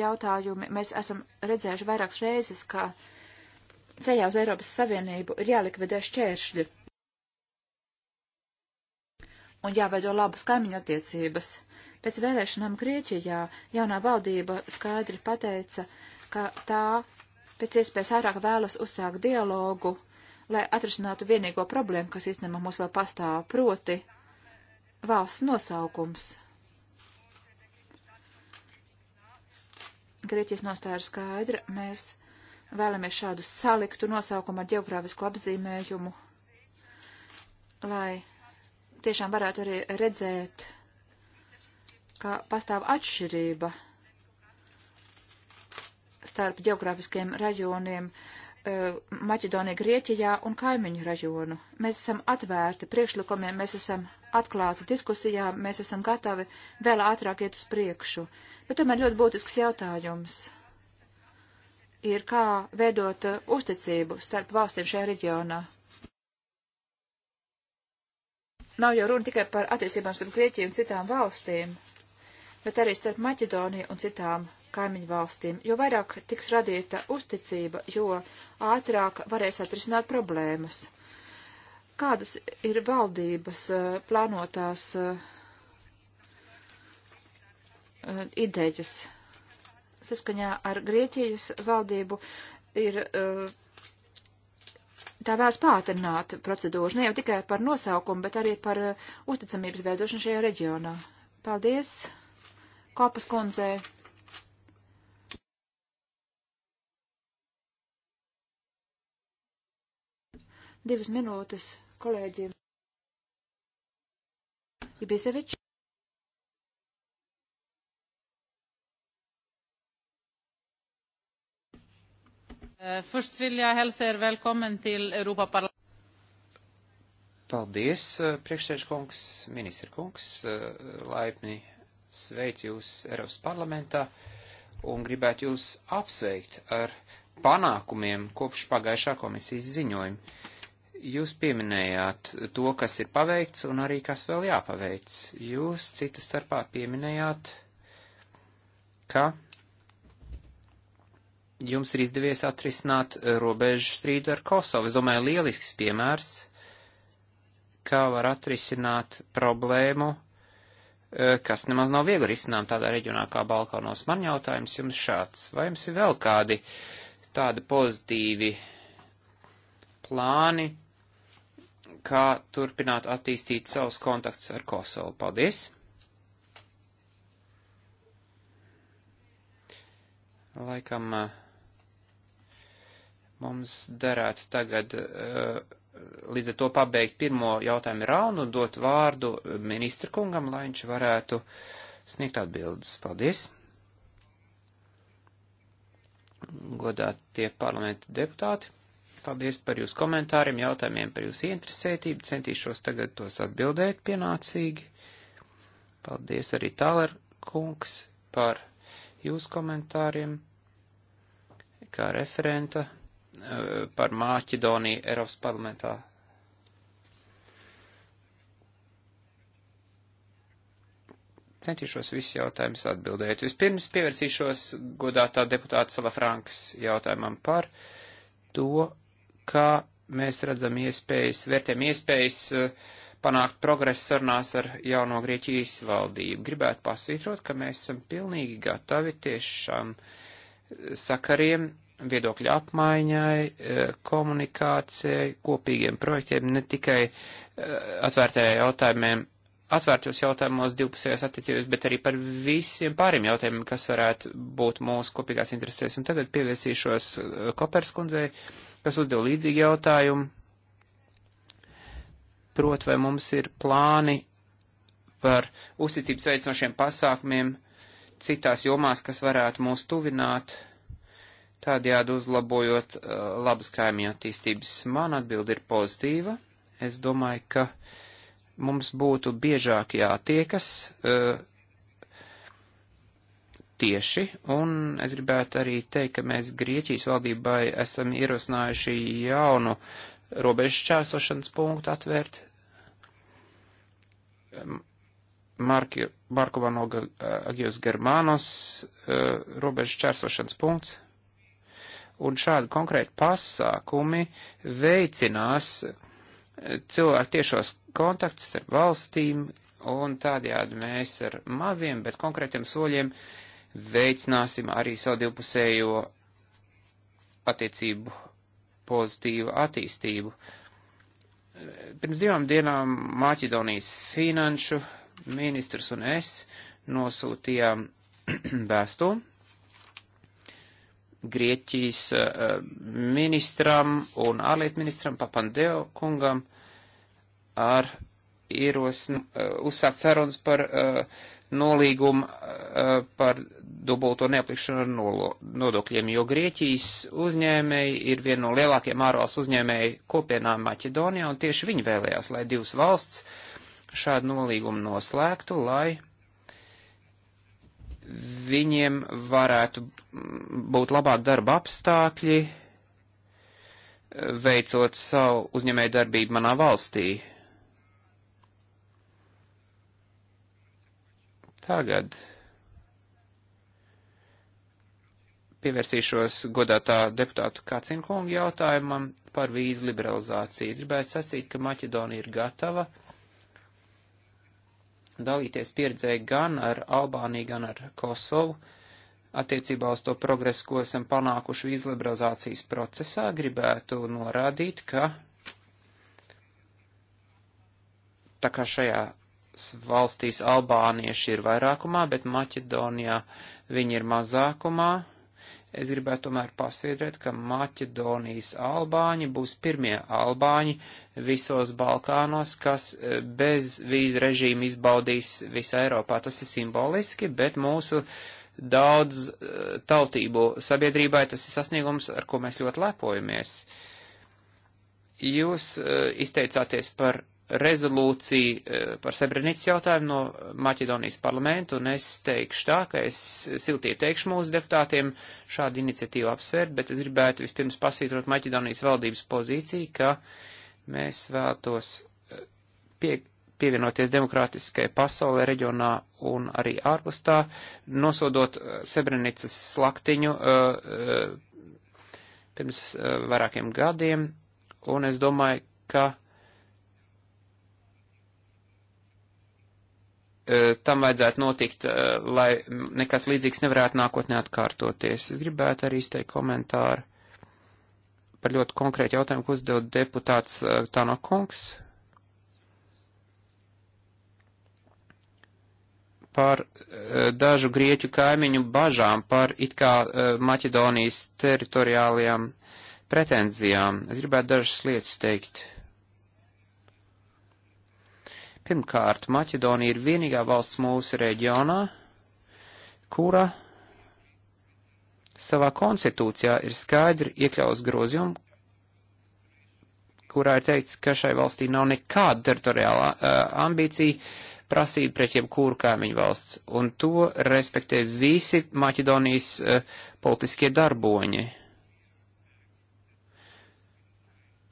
jautājumi. Mēs esam redzējuši vairākas reizes, ka ceļā uz Eiropas Savienību ir jālikvidē šķēršļi un jāveido labas kaimiņa attiecības. Pēc vēlēšanām Grieķijā jaunā valdība skaidri pateica, ka tā pēc iespējas ārāk vēlas uzsākt dialogu, lai atrisinātu vienīgo problēmu, kas īstenībā mums vēl pastāv, proti valsts nosaukums. Grieķijas nostāja ir skaidra, mēs vēlamies šādu saliktu nosaukumu ar geogrāfisku apzīmējumu, lai tiešām varētu arī redzēt, ka pastāv atšķirība starp geogrāfiskiem rajoniem e, Maķedonija, Grieķijā un kaimiņu rajonu. Mēs esam atvērti priekšlikumiem, mēs esam atklāti diskusijām, mēs esam gatavi vēl ātrāk iet uz priekšu. Bet tomēr ļoti būtisks jautājums ir, kā veidot e, uzticību starp valstīm šajā reģionā nav jau runa tikai par attiecībām starp Grieķiju un citām valstīm, bet arī starp Maķedoniju un citām kaimiņu valstīm, jo vairāk tiks radīta uzticība, jo ātrāk varēs atrisināt problēmas. Kādas ir valdības eh, plānotās eh, idejas? Saskaņā ar Grieķijas valdību ir uh, tā vēlas pātrināt procedūru, ne jau tikai par nosaukumu, bet arī par uh, uzticamības veidošanu šajā reģionā. Paldies, Kopas kundzē. Divas minūtes kolēģiem. Ibisevičs. Eh, först vill jag hälsa er välkommen till Europaparlamentet. Paldies, eh, priekšsēžkungs, ministrkungs, eh, laipni sveic jūs Eiropas parlamentā un gribētu jūs apsveikt ar panākumiem kopš pagājušā komisijas ziņojuma. Jūs pieminējāt to, kas ir paveikts un arī kas vēl jāpaveic. Jūs cita starpā pieminējāt, ka jums ir izdevies atrisināt eh, robežu strīdu ar Kosovu. Es domāju, lielisks piemērs, kā var atrisināt problēmu, eh, kas nemaz nav viegli risinām tādā reģionā kā Balkanos. Man jautājums jums šāds. Vai jums ir vēl kādi tādi pozitīvi plāni, kā turpināt attīstīt savus kontaktus ar Kosovu? Paldies! Laikam uh, Mums darētu tagad eh, līdz ar to pabeigt pirmo jautājumu raunu un dot vārdu ministra kungam, lai viņš varētu sniegt atbildes. Paldies! Godā tie parlamenta deputāti. Paldies par jūsu komentāriem, jautājumiem par jūsu interesētību. Centīšos tagad tos atbildēt pienācīgi. Paldies arī Tāler kungs par jūsu komentāriem kā referenta Eh, par Māķidoniju Eiropas parlamentā. Centīšos visus jautājumus atbildēt. Vispirms pievērsīšos godātā deputāta Salafrankas jautājumam par to, kā mēs redzam iespējas, vērtējam iespējas eh, panākt progresu sarunās ar jauno Grieķijas valdību. Gribētu pasvītrot, ka mēs esam pilnīgi gatavi tiešām sakariem viedokļu apmaiņai, e, komunikācijai, kopīgiem projektiem, ne tikai e, atvērtajiem jautājumiem, atvērtos jautājumos divpusējās attiecības, bet arī par visiem pāriem jautājumiem, kas varētu būt mūsu kopīgās interesēs. Un tagad pievērsīšos e, Koperskundzei, kas uzdeva līdzīgu jautājumu. Prot, vai mums ir plāni par uzticības veicinošiem pasākumiem citās jomās, kas varētu mūs tuvināt tādējādi uzlabojot uh, labas kaimiņu attīstības. Man atbildi ir pozitīva. Es domāju, ka mums būtu biežāk jātiekas uh, tieši, un es gribētu arī teikt, ka mēs Grieķijas valdībai esam ierosinājuši jaunu robežu čēsošanas punktu atvērt. Um, Marko Vanoga uh, Agios Germanos uh, robežu čērsošanas punkts, un šādi konkrēti pasākumi veicinās eh, cilvēku tiešos kontaktus ar valstīm, un tādējādi mēs ar maziem, bet konkrētiem soļiem veicināsim arī savu divpusējo attiecību pozitīvu attīstību. Pirms divām dienām Maķedonijas finanšu ministrs un es nosūtījām vēstuli Grieķijas eh, eh, ministram un ārlietu ministram Papandeo kungam ar ierosni eh, uzsākt sarunas par nolīgumu par dubulto neaplikšanu ar nodokļiem, jo Grieķijas uzņēmēji ir viena no lielākajiem ārvalsts uzņēmēju kopienām Maķedonijā, un tieši viņi vēlējās, lai divas valsts šādu nolīgumu noslēgtu, lai viņiem varētu būt labāk darba apstākļi, veicot savu uzņēmēju darbību manā valstī. Tagad pievērsīšos godātā deputātu Kacinkungu jautājumam par vīzu liberalizāciju. Es gribētu sacīt, ka Maķedonija ir gatava uh, dalīties pieredzē gan ar Albāniju, gan ar Kosovu attiecībā uz to progresu, ko esam panākuši vīzliberalizācijas procesā, gribētu norādīt, ka tā kā šajā valstīs albānieši ir vairākumā, bet Maķedonijā viņi ir mazākumā, es gribētu tomēr pasviedrēt, ka Maķedonijas albāņi būs pirmie albāņi visos Balkānos, kas eh, bez vīzu režīmu izbaudīs visā Eiropā. Tas ir simboliski, bet mūsu daudz eh, tautību sabiedrībai tas ir sasniegums, ar ko mēs ļoti lepojamies. Jūs eh, izteicāties par rezolūciju eh, par Srebrenicu jautājumu no Maķedonijas parlamentu, un es teikšu tā, ka es siltie teikšu mūsu deputātiem šādu iniciatīvu apsvērt, bet es gribētu vispirms pasvītrot Maķedonijas valdības pozīciju, ka mēs vēlētos eh, pie, pievienoties demokrātiskai pasaulē reģionā un arī ārpus tā, nosodot eh, Srebrenicas slaktiņu uh, uh, pirms uh, vairākiem gadiem, un es domāju, ka uh, Eh, tam vajadzētu notikt, eh, lai nekas līdzīgs nevarētu nākotnē atkārtoties. Es gribētu arī izteikt komentāru par ļoti konkrētu jautājumu, ko uzdod deputāts eh, Tano Kungs par dažu grieķu kaimiņu bažām par it kā Maķedonijas teritoriālajām pretenzijām. Es gribētu dažas lietas teikt. Pirmkārt, Maķedonija ir vienīgā valsts mūsu reģionā, kura savā konstitūcijā ir skaidri iekļaus grozījumu, kurā ir teikts, ka šai valstī nav nekāda teritoriāla uh, ambīcija prasība pret jebkuru kaimiņu valsts, un to respektē visi Maķedonijas uh, politiskie darboņi.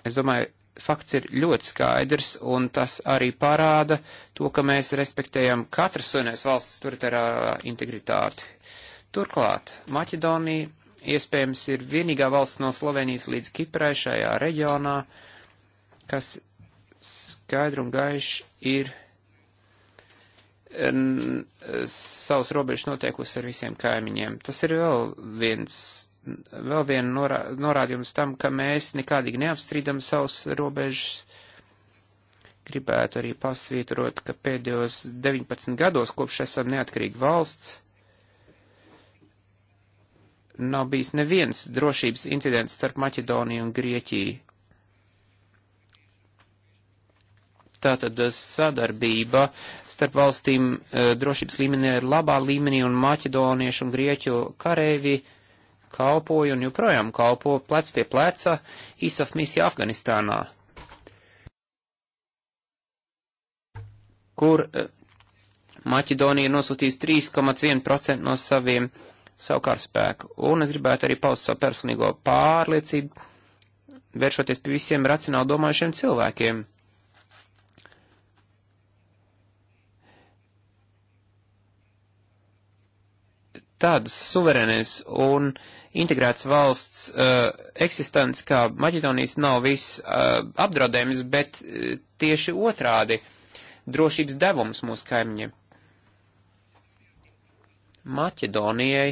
Es domāju, fakts ir ļoti skaidrs, un tas arī parāda to, ka mēs respektējam katras suverēnās valsts teritoriālā integritāti. Turklāt Maķedonija iespējams ir vienīgā valsts no Slovenijas līdz Kiprai šajā reģionā, kas skaidri un gaiši ir savus robežus noteikusi ar visiem kaimiņiem. Tas ir vēl viens vēl vienu norā, norādījumu tam, ka mēs nekādīgi neapstrīdam savus robežas. Gribētu arī pasvītrot, ka pēdējos 19 gados, kopš esam neatkarīgi valsts, nav bijis neviens drošības incidents starp Maķedoniju un Grieķiju. Tātad eh, sadarbība starp valstīm eh, drošības līmenī ir labā līmenī un maķedoniešu un grieķu karēvi uh, kalpoja un joprojām kalpo plec pie pleca ISAF misija Afganistānā, kur eh, Maķedonija nosūtīs 3,1% no saviem savu karaspēku. Un es gribētu arī paust savu personīgo pārliecību, vēršoties pie visiem racionāli domājušiem cilvēkiem. Tāds suverēnais un uh, integrēts valsts uh, eh, eksistence kā Maģedonijas nav viss uh, apdraudējums, bet uh, tieši otrādi drošības devums mūsu kaimiņiem. Maķedonijai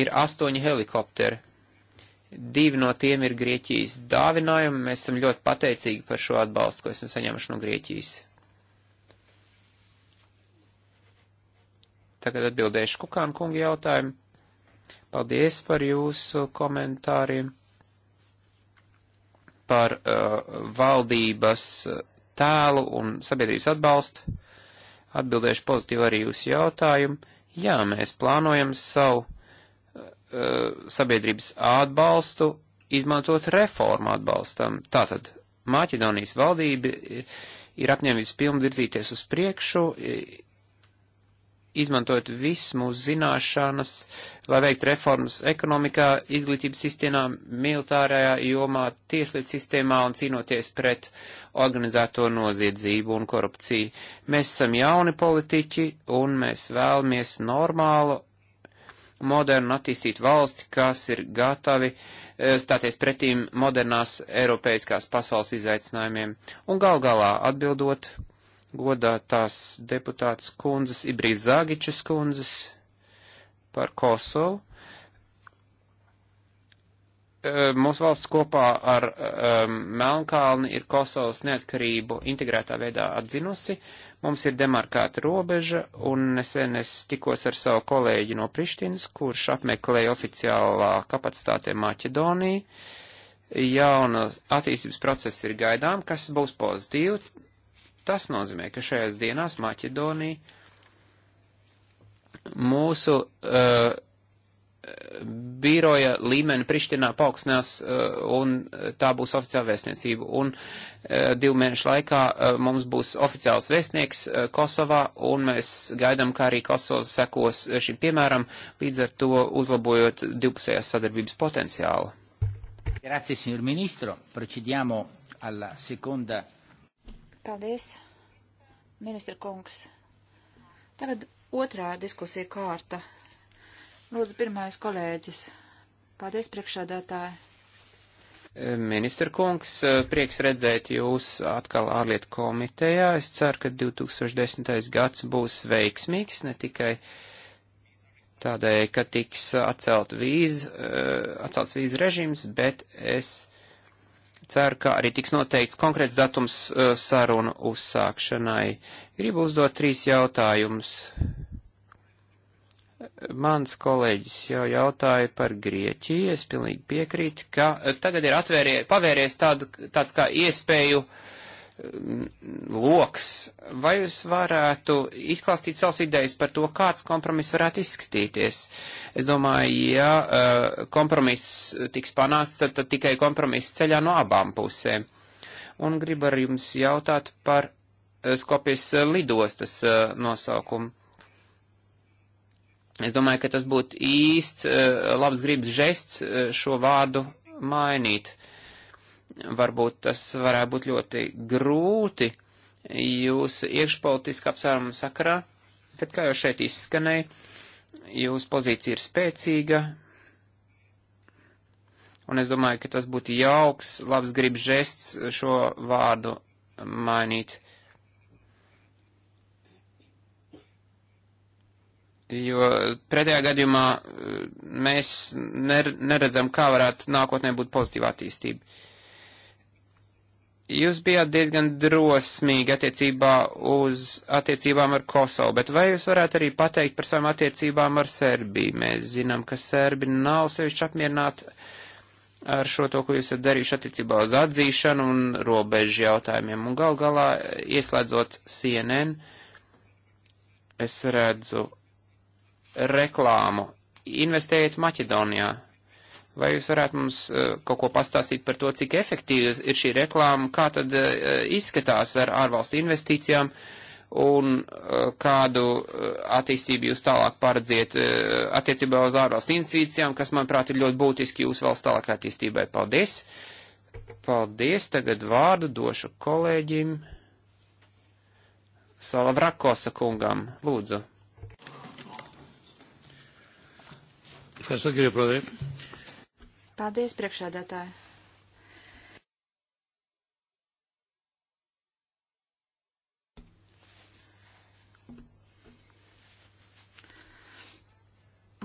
ir astoņi helikopteri. Divi no tiem ir Grieķijas dāvinājumi. Mēs esam ļoti pateicīgi par šo atbalstu, ko esam saņēmuši no Grieķijas. Tagad atbildēšu Kukānu kungu jautājumu. Paldies par jūsu komentāriem par uh, valdības uh, tēlu un sabiedrības atbalstu. Atbildēšu pozitīvi arī jūsu jautājumu. Jā, mēs plānojam savu uh, sabiedrības atbalstu izmantot reformu atbalstam. Tātad Maķedonijas valdība uh, ir apņēmības pilnvirzīties uz priekšu, izmantojot visu mūsu zināšanas, lai veikt reformas ekonomikā, izglītības sistēmā, militārajā jomā, tieslietu sistēmā un cīnoties pret organizēto noziedzību un korupciju. Mēs esam jauni politiķi un mēs vēlamies normālu, modernu attīstītu valsti, kas ir gatavi eh, stāties pretīm modernās eiropeiskās pasaules izaicinājumiem. Un gal galā atbildot godātās deputātas kundzes, Ibrīz Zāgičas kundzes par Kosovu. E, mūsu valsts kopā ar um, Melnkalni ir Kosovas neatkarību integrētā veidā atzinusi. Mums ir demarkēta robeža, un nesen es tikos ar savu kolēģi no Prištinas, kurš apmeklēja oficiālā kapacitātē Maķedoniju. Uh, jauna attīstības procesa ir gaidām, kas būs pozitīvi, Tas nozīmē, ka šajās dienās Maķedonija mūsu uh, biroja līmeni Prištinā paaugstinās, uh, un tā būs oficiāla vēstniecība. Un uh, divu mēnešu laikā uh, mums būs oficiāls vēstnieks uh, Kosovā, un mēs gaidām, kā arī Kosovas sekos uh, šim piemēram, līdz ar to uzlabojot divpusējās sadarbības potenciālu. Grazie, signor ministro. Procediamo alla seconda Paldies, ministra kungs. Tagad otrā diskusija kārta. Lūdzu, pirmais kolēģis. Paldies, priekšādātāji. Ministra kungs, prieks redzēt jūs atkal ārlietu komitejā. Es ceru, ka 2010. gads būs veiksmīgs ne tikai tādēļ, ka tiks atcelt vīz, eh, atcelts vīzu režīms, bet es ceru, ka arī tiks noteikts konkrēts datums uh, sarunu uzsākšanai. Gribu uzdot trīs jautājumus. Mans kolēģis jau jautāja par Grieķiju, es pilnīgi piekrītu, ka tagad ir atvērie, pavēries tādu, tāds kā iespēju uh, Mm, loks, vai jūs varētu izklāstīt savus idejas par to, kāds kompromiss varētu izskatīties? Es domāju, ja uh, kompromiss tiks panāts, tad, tad tikai kompromiss ceļā no abām pusēm. Un gribu arī jums jautāt par uh, Skopjas uh, lidostas nosaukumu. Es domāju, ka tas būtu īsts, labs gribas žests šo vārdu mainīt. Uh, varbūt tas varētu būt ļoti grūti jūsu iekšpolitiska apsvēruma sakarā, bet kā jau šeit izskanēja, jūsu pozīcija ir spēcīga, un es domāju, ka tas būtu jauks, labs grib žests šo vārdu mainīt. Jo pretējā gadījumā eh, mēs neredzam, kā varētu nākotnē būt pozitīva attīstība. Jūs bijāt diezgan drosmīgi attiecībā uz attiecībām ar Kosovu, bet vai jūs varētu arī pateikt par savām attiecībām ar Serbiju? Mēs zinām, ka Serbi nav sevišķi apmierināti ar šo to, ko jūs esat darījuši attiecībā uz atzīšanu un robežu jautājumiem. Un gal galā, ieslēdzot CNN, es redzu reklāmu. Investējiet Maķedonijā. Vai jūs varētu mums eh, kaut ko pastāstīt par to, cik efektīva ir šī reklāma, kā tad eh, izskatās ar ārvalstu investīcijām un eh, kādu attīstību jūs tālāk paredziet attiecībā uz ārvalstu investīcijām, kas, manuprāt, ir ļoti būtiski jūsu valsts tālāk attīstībai. Paldies! Paldies! Tagad vārdu došu kolēģim Salavrakosa kungam. Lūdzu! Ευχαριστώ κύριε Πρόεδρε. Paldies, priekšādātāji!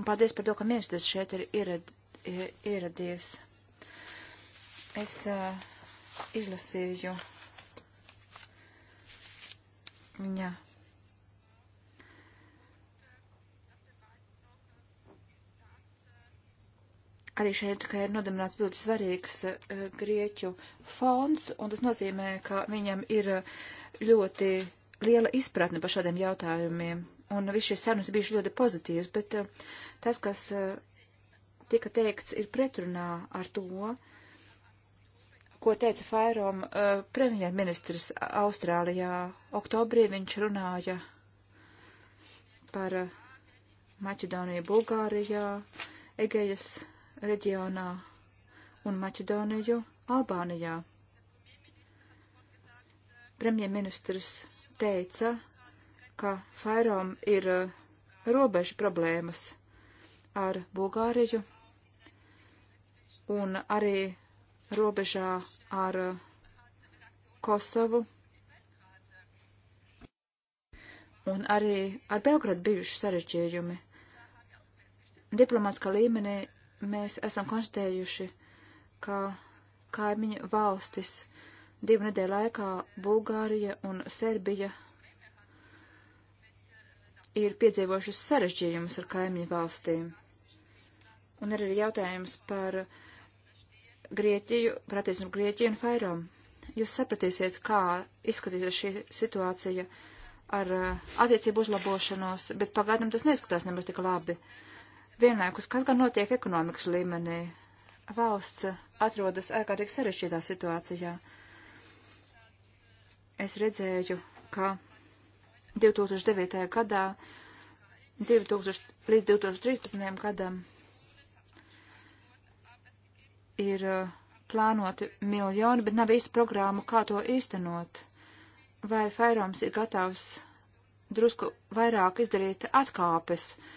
Un paldies par to, ka ministrs šeit ir ierad, ieradies. Es uh, izlasīju viņa arī šeit, ka ir nodemināts ļoti svarīgs uh, grieķu fonds, un tas nozīmē, ka viņam ir ļoti liela izpratne par šādiem jautājumiem. Un viss šīs sarunas bijuši ļoti pozitīvas, bet uh, tas, kas uh, tika teikts, ir pretrunā ar to, ko teica Fairom premjerministrs Austrālijā. Oktobrī viņš runāja par Maķedoniju Bulgārijā, Egejas reģionā un Maķedoniju Albānijā. Premjerministrs teica, ka Fairom ir uh, robežu problēmas ar Bulgāriju un arī robežā ar uh, Kosovu un arī ar Belgradu bijuši sarežģījumi. Diplomātskā līmenī mēs esam konstatējuši, ka kaimiņu valstis divu nedēļu laikā Bulgārija un Serbija ir piedzīvojušas sarežģījumus ar kaimiņu valstīm. Un ir arī jautājums par Grieķiju, par attieksmi Grieķiju un Fairom. Jūs sapratīsiet, kā izskatīsies šī situācija ar uh, attiecību uzlabošanos, bet pagaidām tas neizskatās nemaz tik labi. Uh, Vienlaikus, kas gan notiek ekonomikas līmenī? Valsts atrodas ārkārtīgi sarežģītā situācijā. Es redzēju, ka 2009. gadā 2000, līdz 2013. gadam ir uh, plānoti miljoni, bet nav īsti programmu, kā to īstenot. Vai Fairoms ir gatavs drusku vairāk izdarīt atkāpes? Uh,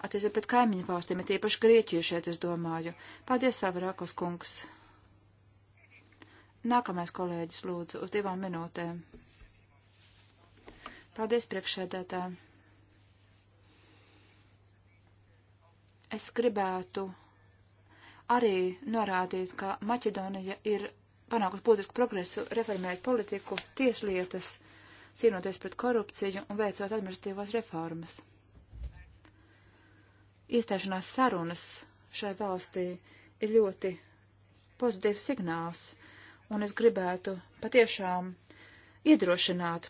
attiecībā pret kaimiņu valstīm, ir tiepaši Grieķiju šeit, es domāju. Paldies, Savarākos kungs. Nākamais kolēģis lūdzu uz divām minūtēm. Paldies, priekšsēdētā. Es gribētu arī norādīt, ka Maķedonija ir panākusi būtisku progresu reformējot politiku, tieslietas, cīnoties pret korupciju un veicot administratīvās reformas iestāšanās sarunas šai valstī ir ļoti pozitīvs signāls, un es gribētu patiešām iedrošināt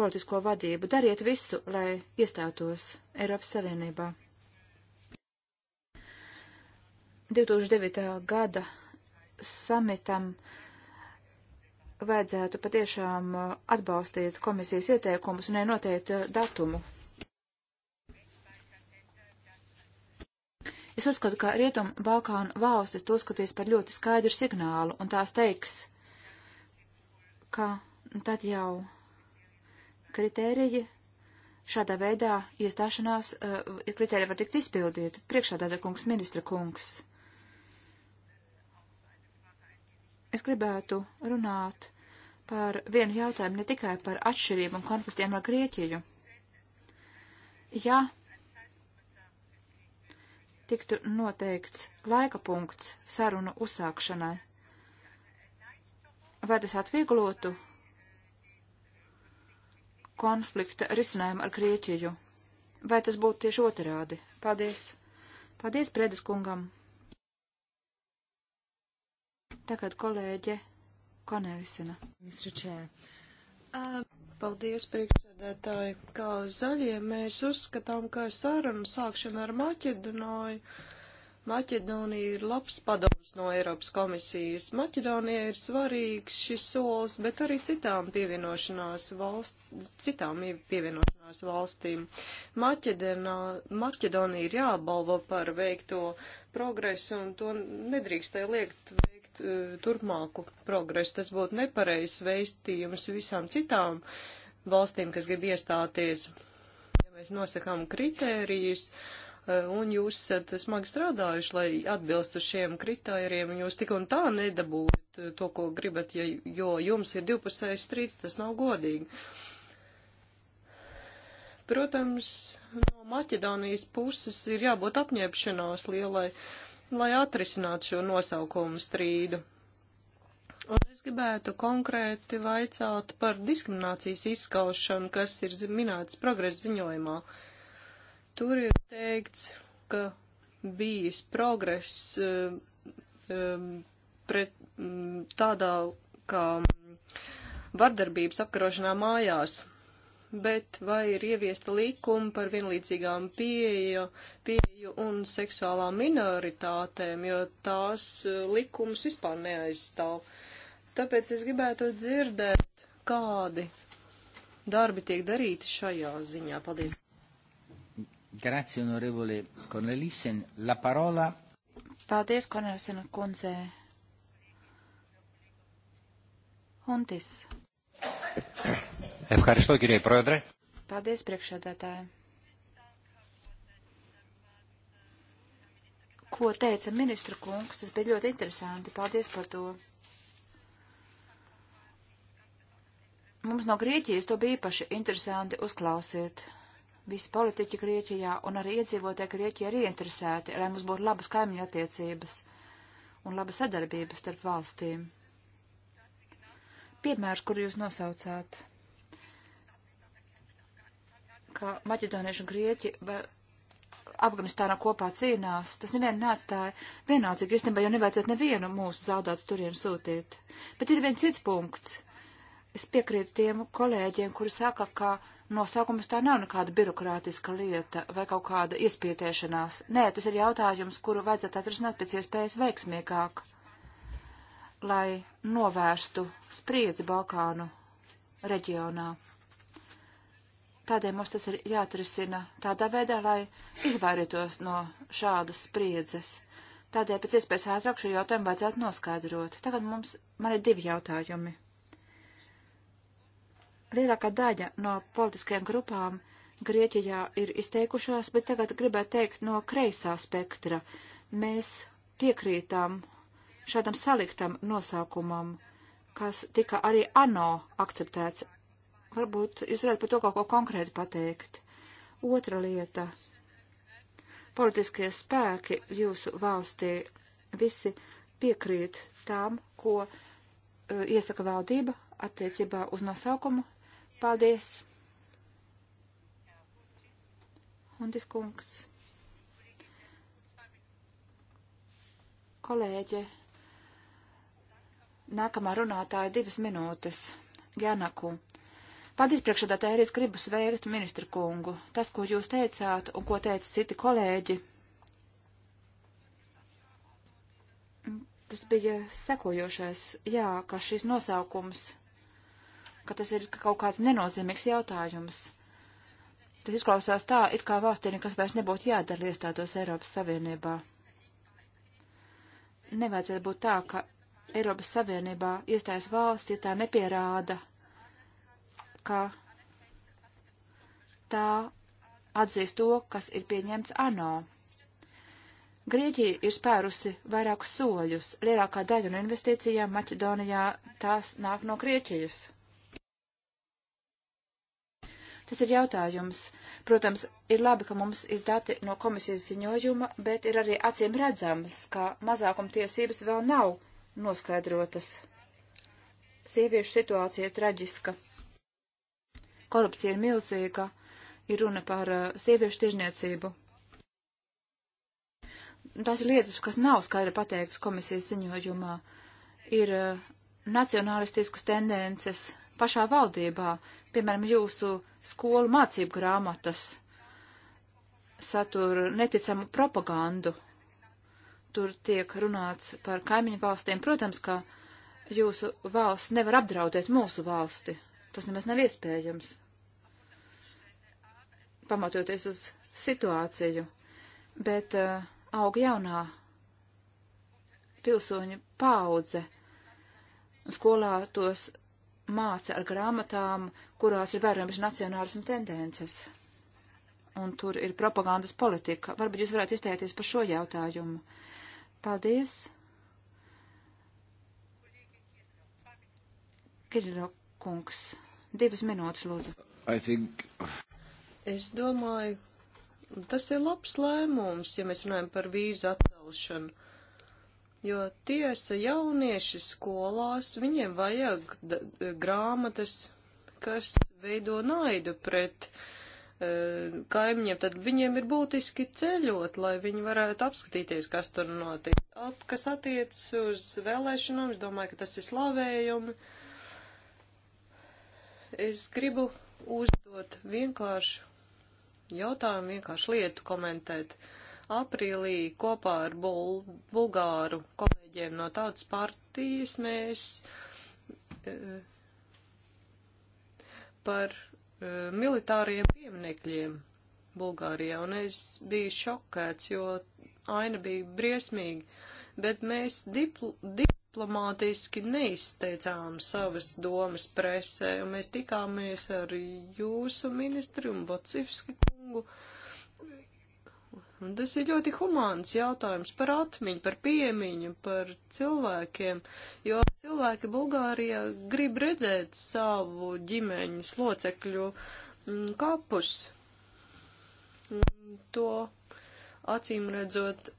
politisko vadību, dariet visu, lai iestātos Eiropas Savienībā. 2009. gada samitam vajadzētu patiešām uh, atbalstīt komisijas ieteikumus un nenoteikti uh, datumu Es uzskatu, ka Rietumu Balkānu valstis to skatīs par ļoti skaidru signālu, un tās teiks, ka tad jau kritēriji šādā veidā iestāšanās uh, eh, kritērija var tikt izpildīta. Priekšādāda kungs, ministra kungs. Es gribētu runāt par vienu jautājumu ne tikai par atšķirību un konfliktiem ar Grieķiju. Ja tiktu noteikts laika punkts sarunu uzsākšanai. Vai tas atvieglotu konflikta risinājumu ar Grieķiju? Vai tas būtu tieši otrādi? Paldies! Paldies, Predes kungam! Tagad kolēģe Konelisina. Uh, paldies, priekšsēdētāji! priekšsēdētāji, kā zaļie mēs uzskatām, ka saruna sākšana ar Maķedonāju. Maķedonija ir labs padoms no Eiropas komisijas. Maķedonija ir svarīgs šis solis, bet arī citām pievienošanās, valst, citām pievienošanās valstīm. Maķedonā, Maķedonija ir jābalvo par veikto progresu un to nedrīkstē liekt veikt eh, turpmāku progresu. Tas būtu nepareizs veistījums visām citām uh, valstīm, kas grib iestāties. Ja mēs nosakām kritērijus, eh, un jūs esat smagi strādājuši, lai atbilstu šiem kritērijiem, un jūs tik un tā nedabūjat eh, to, ko gribat, ja, jo jums ir divpusējs strīds, tas nav godīgi. Protams, no Maķedonijas puses ir jābūt apņemšanās lielai, lai atrisinātu šo nosaukumu strīdu. Un es gribētu konkrēti vaicāt par diskriminācijas izskaušanu, kas ir minēts progresa ziņojumā. Tur ir teikts, ka bijis progress um, pret um, tādā kā vardarbības apkarošanā mājās, bet vai ir ieviesta likuma par vienlīdzīgām pieeju, pieeju un seksuālām minoritātēm, jo tās eh, likums vispār neaizstāv. Uh, Tāpēc es gribētu dzirdēt, kādi darbi tiek darīti šajā ziņā. Paldies. Grazie, onorevole Cornelisen. La parola. Paldies, Cornelisen kundze. Huntis. Ευχαριστώ κύριε Πρόεδρε. Paldies, priekšsēdētāji. Ko teica ministra kungs, tas bija ļoti interesanti. Paldies par to. Mums no Grieķijas to bija īpaši interesanti uzklausīt. Visi politiķi Grieķijā un arī iedzīvotāji Grieķijā ir ieinteresēti, lai mums būtu labas kaimiņu attiecības un laba sadarbība starp valstīm. Piemērs, kur jūs nosaucāt, ka maķedonieši un grieķi Afganistānā kopā cīnās, tas nevienu neatstāja vienaldzīgi, īstenībā jau nevajadzētu nevienu mūsu zaudātu turienu sūtīt. Bet ir viens cits punkts, Es piekrītu tiem kolēģiem, kuri saka, ka nosaukums tā nav nekāda birokrātiska lieta vai kaut kāda iespietēšanās. Nē, tas ir jautājums, kuru vajadzētu atrisināt pēc iespējas veiksmīgāk, lai novērstu spriedzi Balkānu reģionā. Tādēļ mums tas ir jāatrisina tādā veidā, lai izvairītos no šādas spriedzes. Tādēļ pēc iespējas ātrāk šo jautājumu vajadzētu noskaidrot. Tagad mums man ir divi jautājumi. Lielākā daļa no politiskajām grupām Grieķijā ir izteikušās, bet tagad gribētu teikt no kreisā spektra. Mēs piekrītām šādam saliktam nosaukumam, kas tika arī ANO akceptēts. Varbūt jūs varētu par to kaut ko konkrēti pateikt. Otra lieta. Politiskie spēki jūsu valstī visi piekrīt tām, ko uh, iesaka valdība attiecībā uz nosaukumu Paldies! Hundis kungs. Kolēģe, nākamā runātāja divas minūtes. Janaku. Paldies priekšādātāji, arī es gribu sveikt ministru kungu. Tas, ko jūs teicāt un ko teica citi kolēģi, tas bija sekojošais. Jā, ka šis nosaukums ka tas ir kaut kāds nenozīmīgs jautājums. Tas izklausās tā, it kā valstī nekas vairs nebūtu jādara iestātos Eiropas Savienībā. Nevajadzētu būt tā, ka Eiropas Savienībā iestājas valsts, ja tā nepierāda, ka tā atzīst to, kas ir pieņemts ANO. Grieķija ir spērusi vairākus soļus. Lielākā daļa no investīcijām Maķedonijā tās nāk no Grieķijas. Tas ir jautājums. Protams, ir labi, ka mums ir dati no komisijas ziņojuma, bet ir arī acīm redzams, ka mazākumtiesības vēl nav noskaidrotas. Sieviešu situācija ir traģiska. Korupcija ir milzīga. Ir runa par uh, sieviešu tirzniecību. Tās ir lietas, kas nav skaidri pateikts komisijas ziņojumā. Ir uh, nacionalistiskas tendences, pašā valdībā, piemēram, jūsu skolu mācību grāmatas satura neticamu propagandu. Tur tiek runāts par kaimiņu valstiem. Protams, ka jūsu valsts nevar apdraudēt mūsu valsti. Tas nemaz nav iespējams. Pamatoties uz situāciju, bet uh, aug jaunā pilsoņu paudze. Skolā tos māca ar grāmatām, kurās ir vērojams nacionālismu tendences. Un tur ir propagandas politika. Varbūt jūs varētu izteikties par šo jautājumu. Paldies. Kirilo kungs, divas minūtes lūdzu. Think... Es domāju, tas ir labs lēmums, ja mēs runājam par vīzu atcelšanu Jo tiesa jaunieši skolās, viņiem vajag grāmatas, kas veido naidu pret e, kaimiņiem, tad viņiem ir būtiski ceļot, lai viņi varētu apskatīties, kas tur notiek. At, kas attiecas uz vēlēšanām, es domāju, ka tas ir slavējumi. Es gribu uzdot vienkāršu jautājumu, vienkāršu lietu komentēt. Uh, Aprīlī kopā ar Bul Bulgāru kolēģiem no tautas partijas mēs e, par e, militāriem pieminekļiem Bulgārijā, un es biju šokēts, jo aina bija briesmīga, bet mēs dipl diplomātiski neizteicām savas domas presē, un mēs tikāmies ar jūsu ministru un Bocivski kungu. Uh, Un tas ir ļoti humāns jautājums par atmiņu, par piemiņu, par cilvēkiem, jo cilvēki Bulgārijā grib redzēt savu ģimeņas locekļu mm, kapus. To acīm redzot e,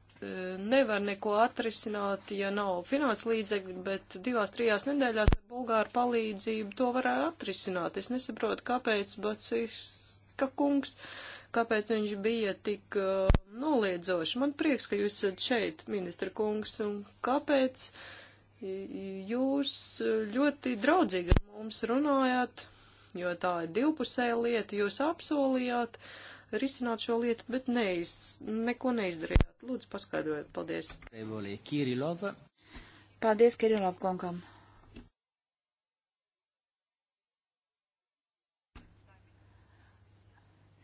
nevar neko atrisināt, ja nav finanses līdzekļi, bet divās, trijās nedēļās ar Bulgāru palīdzību to varētu atrisināt. Es nesaprotu, kāpēc Bacis Kakungs. kungs kāpēc viņš bija tik uh, noliedzošs. Man prieks, ka jūs esat šeit, ministra kungs, un kāpēc jūs ļoti draudzīgi ar mums runājāt, jo tā ir divpusēja lieta, jūs apsolījāt risināt šo lietu, bet neiz, neko neizdarījāt. Lūdzu, paskaidrojiet. Paldies. Paldies Kirilov kungam.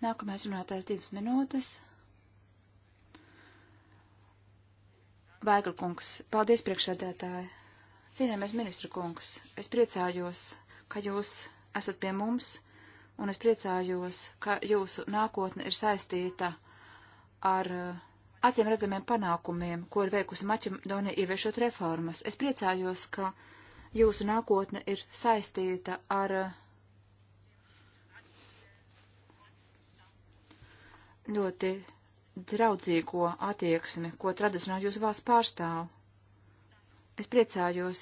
Nākamais runātājs divas minūtes. Vēgla kungs, paldies priekšsēdētāji. Cienējamies ministra kungs, es priecājos, ka jūs esat pie mums, un es priecājos, ka jūsu nākotne ir saistīta ar uh, acīm redzamiem panākumiem, ko ir veikusi Maķedonija ieviešot reformas. Es priecājos, ka jūsu nākotne ir saistīta ar uh, ļoti draudzīgo attieksmi, ko tradicionāli jūs valsts pārstāv. Es priecājos,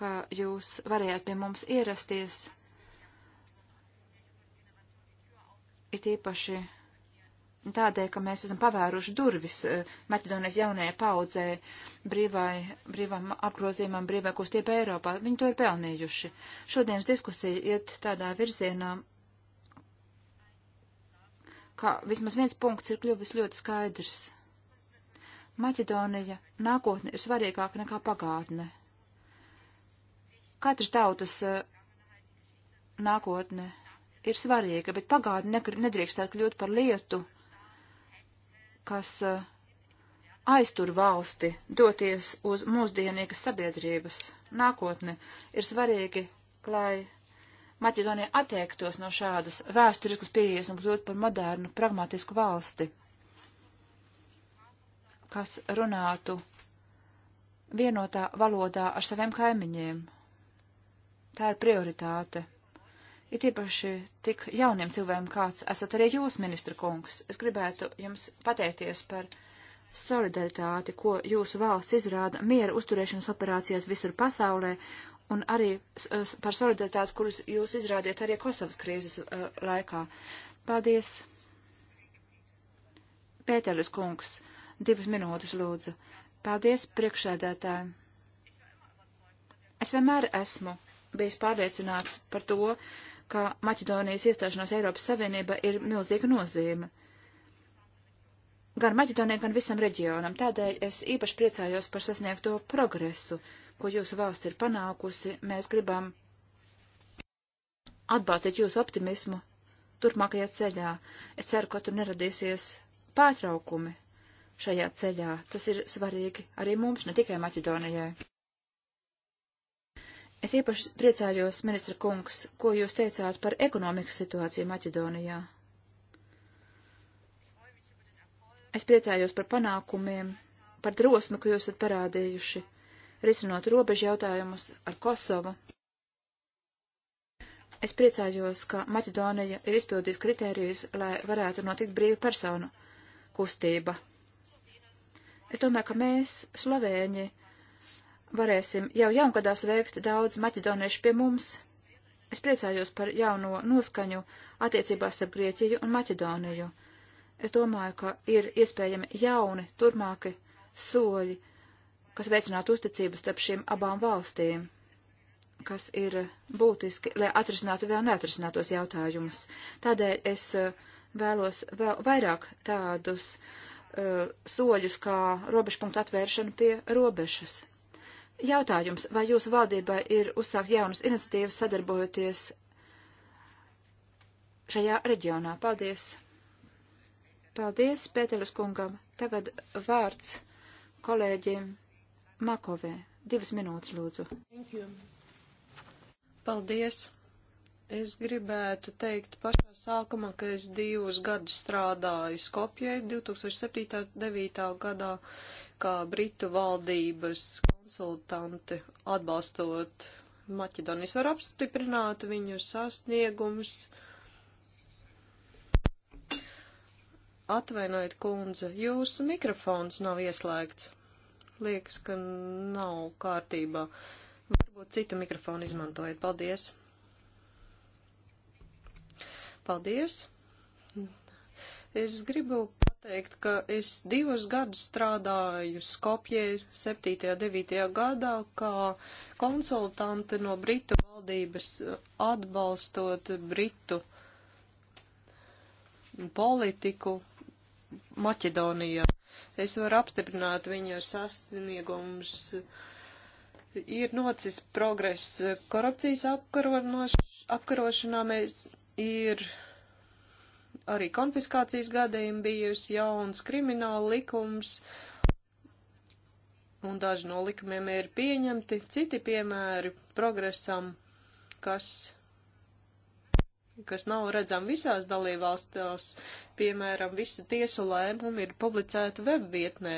ka jūs varējāt pie mums ierasties. It īpaši tādēļ, ka mēs esam pavēruši durvis eh, Maķedonijas jaunajai paudzē brīvai, brīvam apgrozījumam, brīvai kustībai Eiropā. Viņi to ir pelnījuši. Šodienas diskusija iet tādā virzienā, ka vismaz viens punkts ir kļuvis ļoti skaidrs. Maķedonija nākotne ir svarīgāka nekā pagātne. Katras tautas eh, nākotne ir svarīga, bet pagātne nedrīkst kļūt par lietu, kas eh, aiztur valsti doties uz mūsdienīgas sabiedrības. Nākotne ir svarīgi, lai Maķedonija attiektos no šādas vēsturiskas pieejas un kļūtu par modernu, pragmatisku valsti, kas runātu vienotā valodā ar saviem kaimiņiem. Tā ir prioritāte. Ir tīpaši tik jauniem cilvēkiem, kāds esat arī jūs, ministra kungs. Es gribētu jums pateikties par solidaritāti, ko jūsu valsts izrāda miera uzturēšanas operācijās visur pasaulē un arī par solidaritāti, kurus jūs izrādiet arī Kosovas krīzes uh, laikā. Paldies! Pēteris kungs, divas minūtes lūdzu. Paldies priekšsēdētājiem. Es vienmēr esmu bijis pārliecināts par to, ka Maķedonijas iestāšanās Eiropas Savienība ir milzīga nozīme. Gan Maķedonijai, gan visam reģionam. Tādēļ es īpaši priecājos par sasniegto progresu, uh, ko jūsu valsts ir panākusi. Mēs gribam atbalstīt jūsu optimismu turpmākajā ceļā. Es ceru, ka tur neradīsies pārtraukumi šajā ceļā. Tas ir svarīgi arī mums, ne tikai Maķedonijai. Es īpaši priecājos, ministra kungs, ko jūs teicāt par ekonomikas situāciju Maķedonijā. Es priecājos par panākumiem, par drosmi, ko jūs esat parādījuši risinot robežu jautājumus ar Kosovu. Es priecājos, ka Maķedonija ir izpildījusi kritērijus, lai varētu notikt brīva personu kustība. Es domāju, ka mēs, Slovēņi, varēsim jau jaungadās veikt daudz maķedoniešu pie mums. Es priecājos par jauno noskaņu attiecībās starp Grieķiju un Maķedoniju. Es domāju, ka ir iespējami jauni turmāki soļi kas veicinātu uzticību starp šīm abām valstīm, kas ir būtiski, lai atrisinātu vēl neatrisinātos jautājumus. Tādēļ es eh, vēlos vēl vairāk tādus uh, soļus kā robežpunktu atvēršana pie robežas. Jautājums, vai jūsu valdībai ir uzsākt jaunas iniciatīvas sadarbojoties šajā reģionā? Paldies! Paldies Pēteris kungam. Tagad vārds kolēģiem Makovē. Divas minūtes, lūdzu. Paldies! Es gribētu teikt pašā sākumā, ka es divus gadus strādāju Skopjē 2007.9. gadā kā Britu valdības konsultanti atbalstot Maķedonijas. Var apstiprināt viņu sasniegumus. Atvainojiet, kundze, jūsu mikrofons nav ieslēgts. Liekas, ka nav kārtībā. Varbūt citu mikrofonu izmantojiet. Paldies! Paldies! Es gribu pateikt, ka es divus gadus strādāju Skopjē 7. un 9. gadā kā konsultante no Britu valdības atbalstot Britu politiku Maķedonijā. Es varu apstiprināt viņa sasniegumus. Ir nocis progress korupcijas apkarošanā. Mēs ir arī konfiskācijas gadījumi bijusi jauns krimināla likums. Un daži no likumiem ir pieņemti, citi piemēri progresam, kas kas nav redzama visās dalībvalstās, piemēram, visi tiesu lēmumi ir publicēti webvietnē.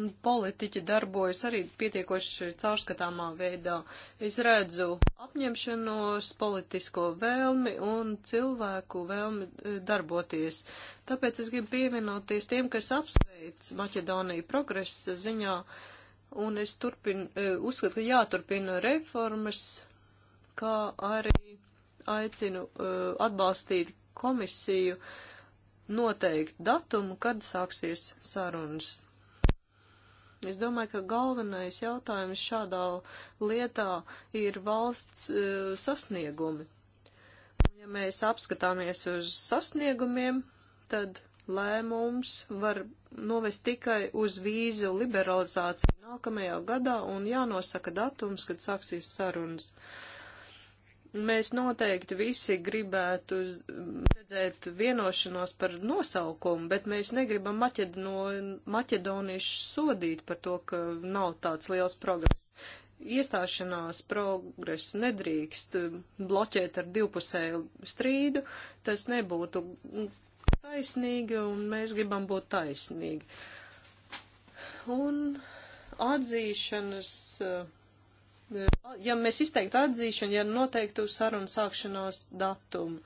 Un politiķi darbojas arī pietiekoši caurskatāmā veidā. Es redzu apņemšanos, politisko vēlmi un cilvēku vēlmi e, darboties. Tāpēc es gribu pievienoties tiem, kas apsveic Maķedoniju progresa ziņā. Uh, un es turpin, e, uzskatu, ka jāturpina reformas, kā arī aicinu e, atbalstīt komisiju noteikt datumu, kad sāksies sarunas. Es domāju, ka galvenais jautājums šādā lietā ir valsts e, sasniegumi. Ja mēs apskatāmies uz sasniegumiem, tad lēmums var novest tikai uz vīzu liberalizāciju nākamajā gadā un jānosaka datums, kad sāksies sarunas. Mēs noteikti visi gribētu redzēt vienošanos par nosaukumu, bet mēs negribam maķedno, maķedoniešus sodīt par to, ka nav tāds liels progress iestāšanās progresu nedrīkst bloķēt ar divpusēju strīdu, tas nebūtu taisnīgi un mēs gribam būt taisnīgi. Un atzīšanas, eh, ja mēs izteiktu atzīšanu, ja noteiktu sarunu sākšanās datumu,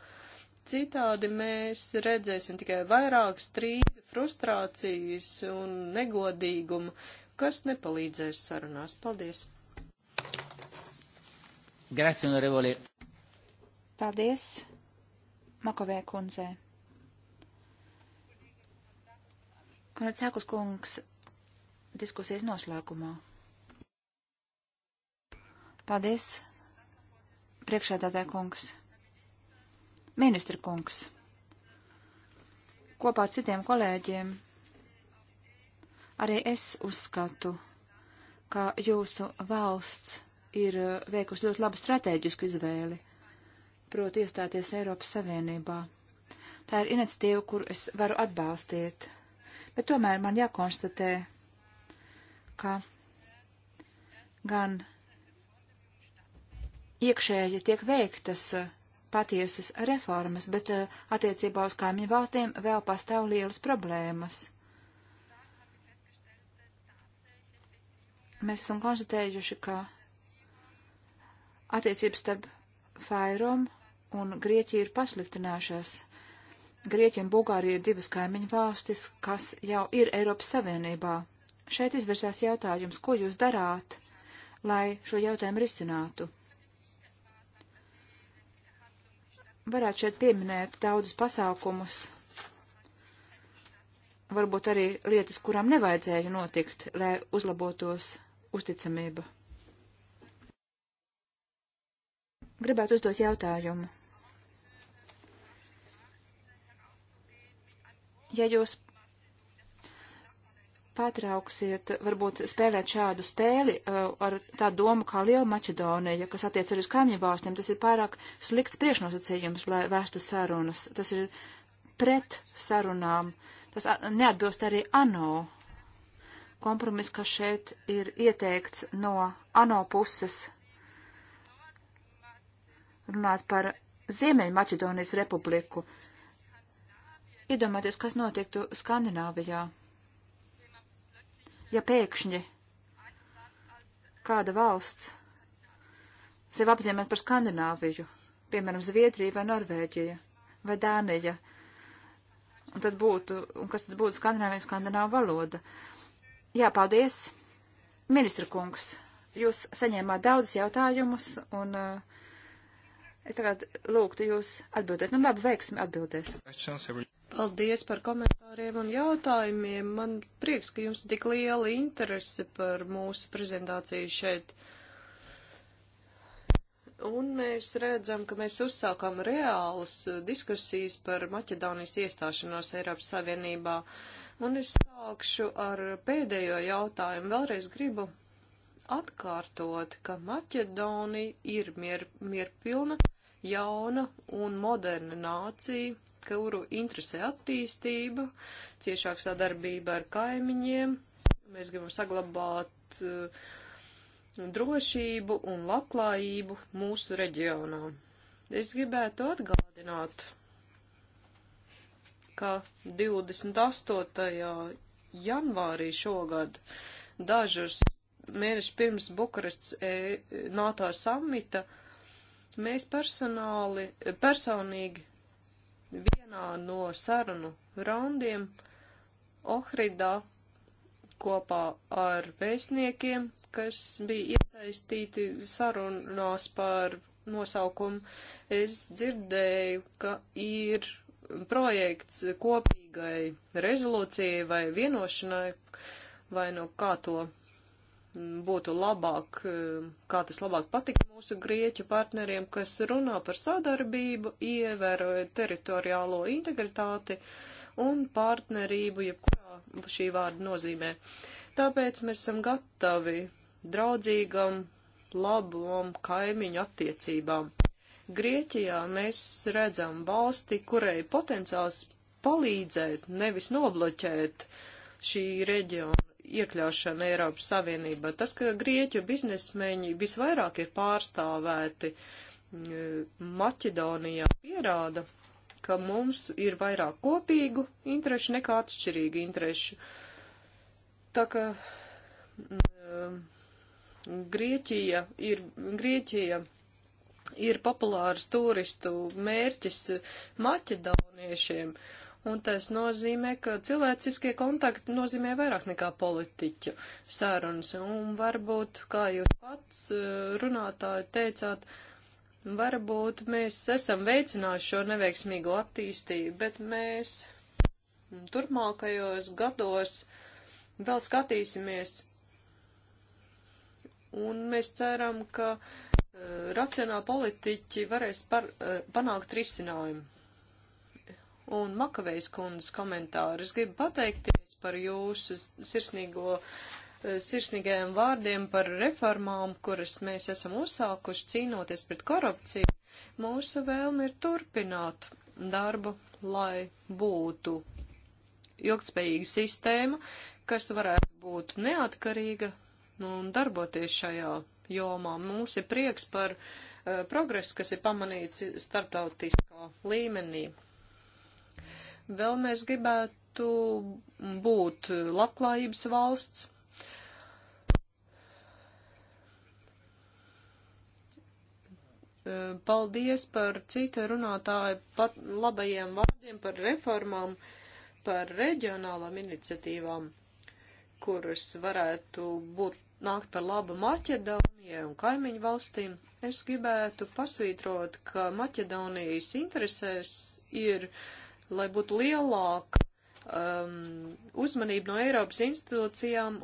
citādi mēs redzēsim tikai vairāk strīdu, frustrācijas un negodīgumu, kas nepalīdzēs sarunās. Paldies! Grazie, onorevoli. Paldies, Makovē kundzei. Konrad Sākus kungs diskusijas noslēgumā. Paldies, priekšēdātāja kungs. Ministra kungs. Kopā ar citiem kolēģiem arī es uzskatu, ka jūsu valsts ir veikusi ļoti labu strateģisku izvēli, proti iestāties Eiropas Savienībā. Tā ir iniciatīva, kur es varu atbalstīt bet tomēr man jākonstatē, ka gan iekšēji tiek veiktas uh, patiesas reformas, bet uh, attiecībā uz kaimiņu valstīm vēl pastāv lielas problēmas. Mēs esam konstatējuši, ka attiecības starp Fairom un Grieķiju ir pasliktinājušās. Grieķija un Bulgārija ir divas kaimiņu valstis, kas jau ir Eiropas Savienībā. Šeit izvirsās jautājums, ko jūs darāt, lai šo jautājumu risinātu? Varētu šeit pieminēt daudzus pasākumus, varbūt arī lietas, kurām nevajadzēja notikt, lai uzlabotos uzticamība. Gribētu uzdot jautājumu. ja jūs patrauksiet, varbūt spēlēt šādu spēli uh, ar tādu domu kā Liela Maķedonija, kas attiec arī uz kaimiņu valstīm, tas ir pārāk slikts priekšnosacījums, lai vēstu sarunas. Tas ir pret sarunām. Tas neatbilst arī ANO kompromis, kas šeit ir ieteikts no ANO puses runāt par Ziemeļu Maķedonijas republiku. Iedomājieties, kas notiktu Skandināvijā, ja pēkšņi kāda valsts sev apzīmē par Skandināviju, piemēram, Zviedrija vai Norvēģija vai Dānija. Un tad būtu, un kas tad būtu Skandināvija, Skandināva valoda. Jā, paldies, ministra kungs. Jūs saņēmāt daudz jautājumus, un uh, Es tagad lūgtu jūs atbildēt. Nu, labi, veiksmi atbildēs. Paldies par komentāriem un jautājumiem. Man prieks, ka jums tik liela interese par mūsu prezentāciju šeit. Un mēs redzam, ka mēs uzsākam reālas diskusijas par Maķedonijas iestāšanos Eiropas Savienībā. Un es sākšu ar pēdējo jautājumu. Vēlreiz gribu atkārtot, ka Maķedonija ir mier, mierpilna, jauna un moderna nācija, kuru interesē attīstība, ciešāk sadarbība ar kaimiņiem. Mēs gribam saglabāt uh, drošību un labklājību mūsu reģionā. Es gribētu atgādināt, ka 28. janvārī šogad dažas mēneši pirms Bukarests e, NATO samita, mēs personāli, personīgi vienā no sarunu raundiem Ohridā kopā ar vēstniekiem, kas bija iesaistīti sarunās par nosaukumu, es dzirdēju, ka ir projekts kopīgai rezolūcijai vai vienošanai, vai nu no kā to būtu labāk, eh, kā tas labāk patikt mūsu grieķu partneriem, kas runā par sadarbību, ievēroja teritoriālo integritāti un partnerību, jebkurā šī vārda nozīmē. Tāpēc mēs esam gatavi draudzīgam, labam kaimiņu attiecībām. Grieķijā mēs redzam valsti, kurai potenciāls palīdzēt, nevis nobloķēt šī reģiona iekļaušana Eiropas Savienībā. Tas, ka grieķu biznesmeņi visvairāk ir pārstāvēti mm, Maķedonijā, pierāda, ka mums ir vairāk kopīgu interešu nekā atšķirīgu interešu. Tā ka mm, Grieķija ir, Grieķija ir populārs turistu mērķis maķedoniešiem. Uh, un tas nozīmē, ka cilvēciskie kontakti nozīmē vairāk nekā politiķu sarunas, un varbūt, kā jūs pats eh, runātāji teicāt, varbūt mēs esam veicinājuši šo neveiksmīgo attīstību, bet mēs turpmākajos gados vēl skatīsimies, un mēs ceram, ka eh, racionāli politiķi varēs par, eh, panākt risinājumu un Makavejs kundas komentāru. Es gribu pateikties par jūsu sirsnīgo, eh, sirsnīgajiem vārdiem par reformām, kuras mēs esam uzsākuši cīnoties pret korupciju. Mūsu vēlme ir turpināt darbu, lai būtu ilgspējīga sistēma, kas varētu būt neatkarīga un darboties šajā jomā. Mums ir prieks par uh, progresu, kas ir pamanīts starptautiskā līmenī. Vēl mēs gribētu būt labklājības valsts. Paldies par citu runātāju pat labajiem vārdiem par reformām, par reģionālām iniciatīvām, kuras varētu būt nākt par labu Maķedonijai un kaimiņu valstīm, es gribētu pasvītrot, ka Maķedonijas interesēs ir lai būtu lielāka um, uzmanība no Eiropas institūcijām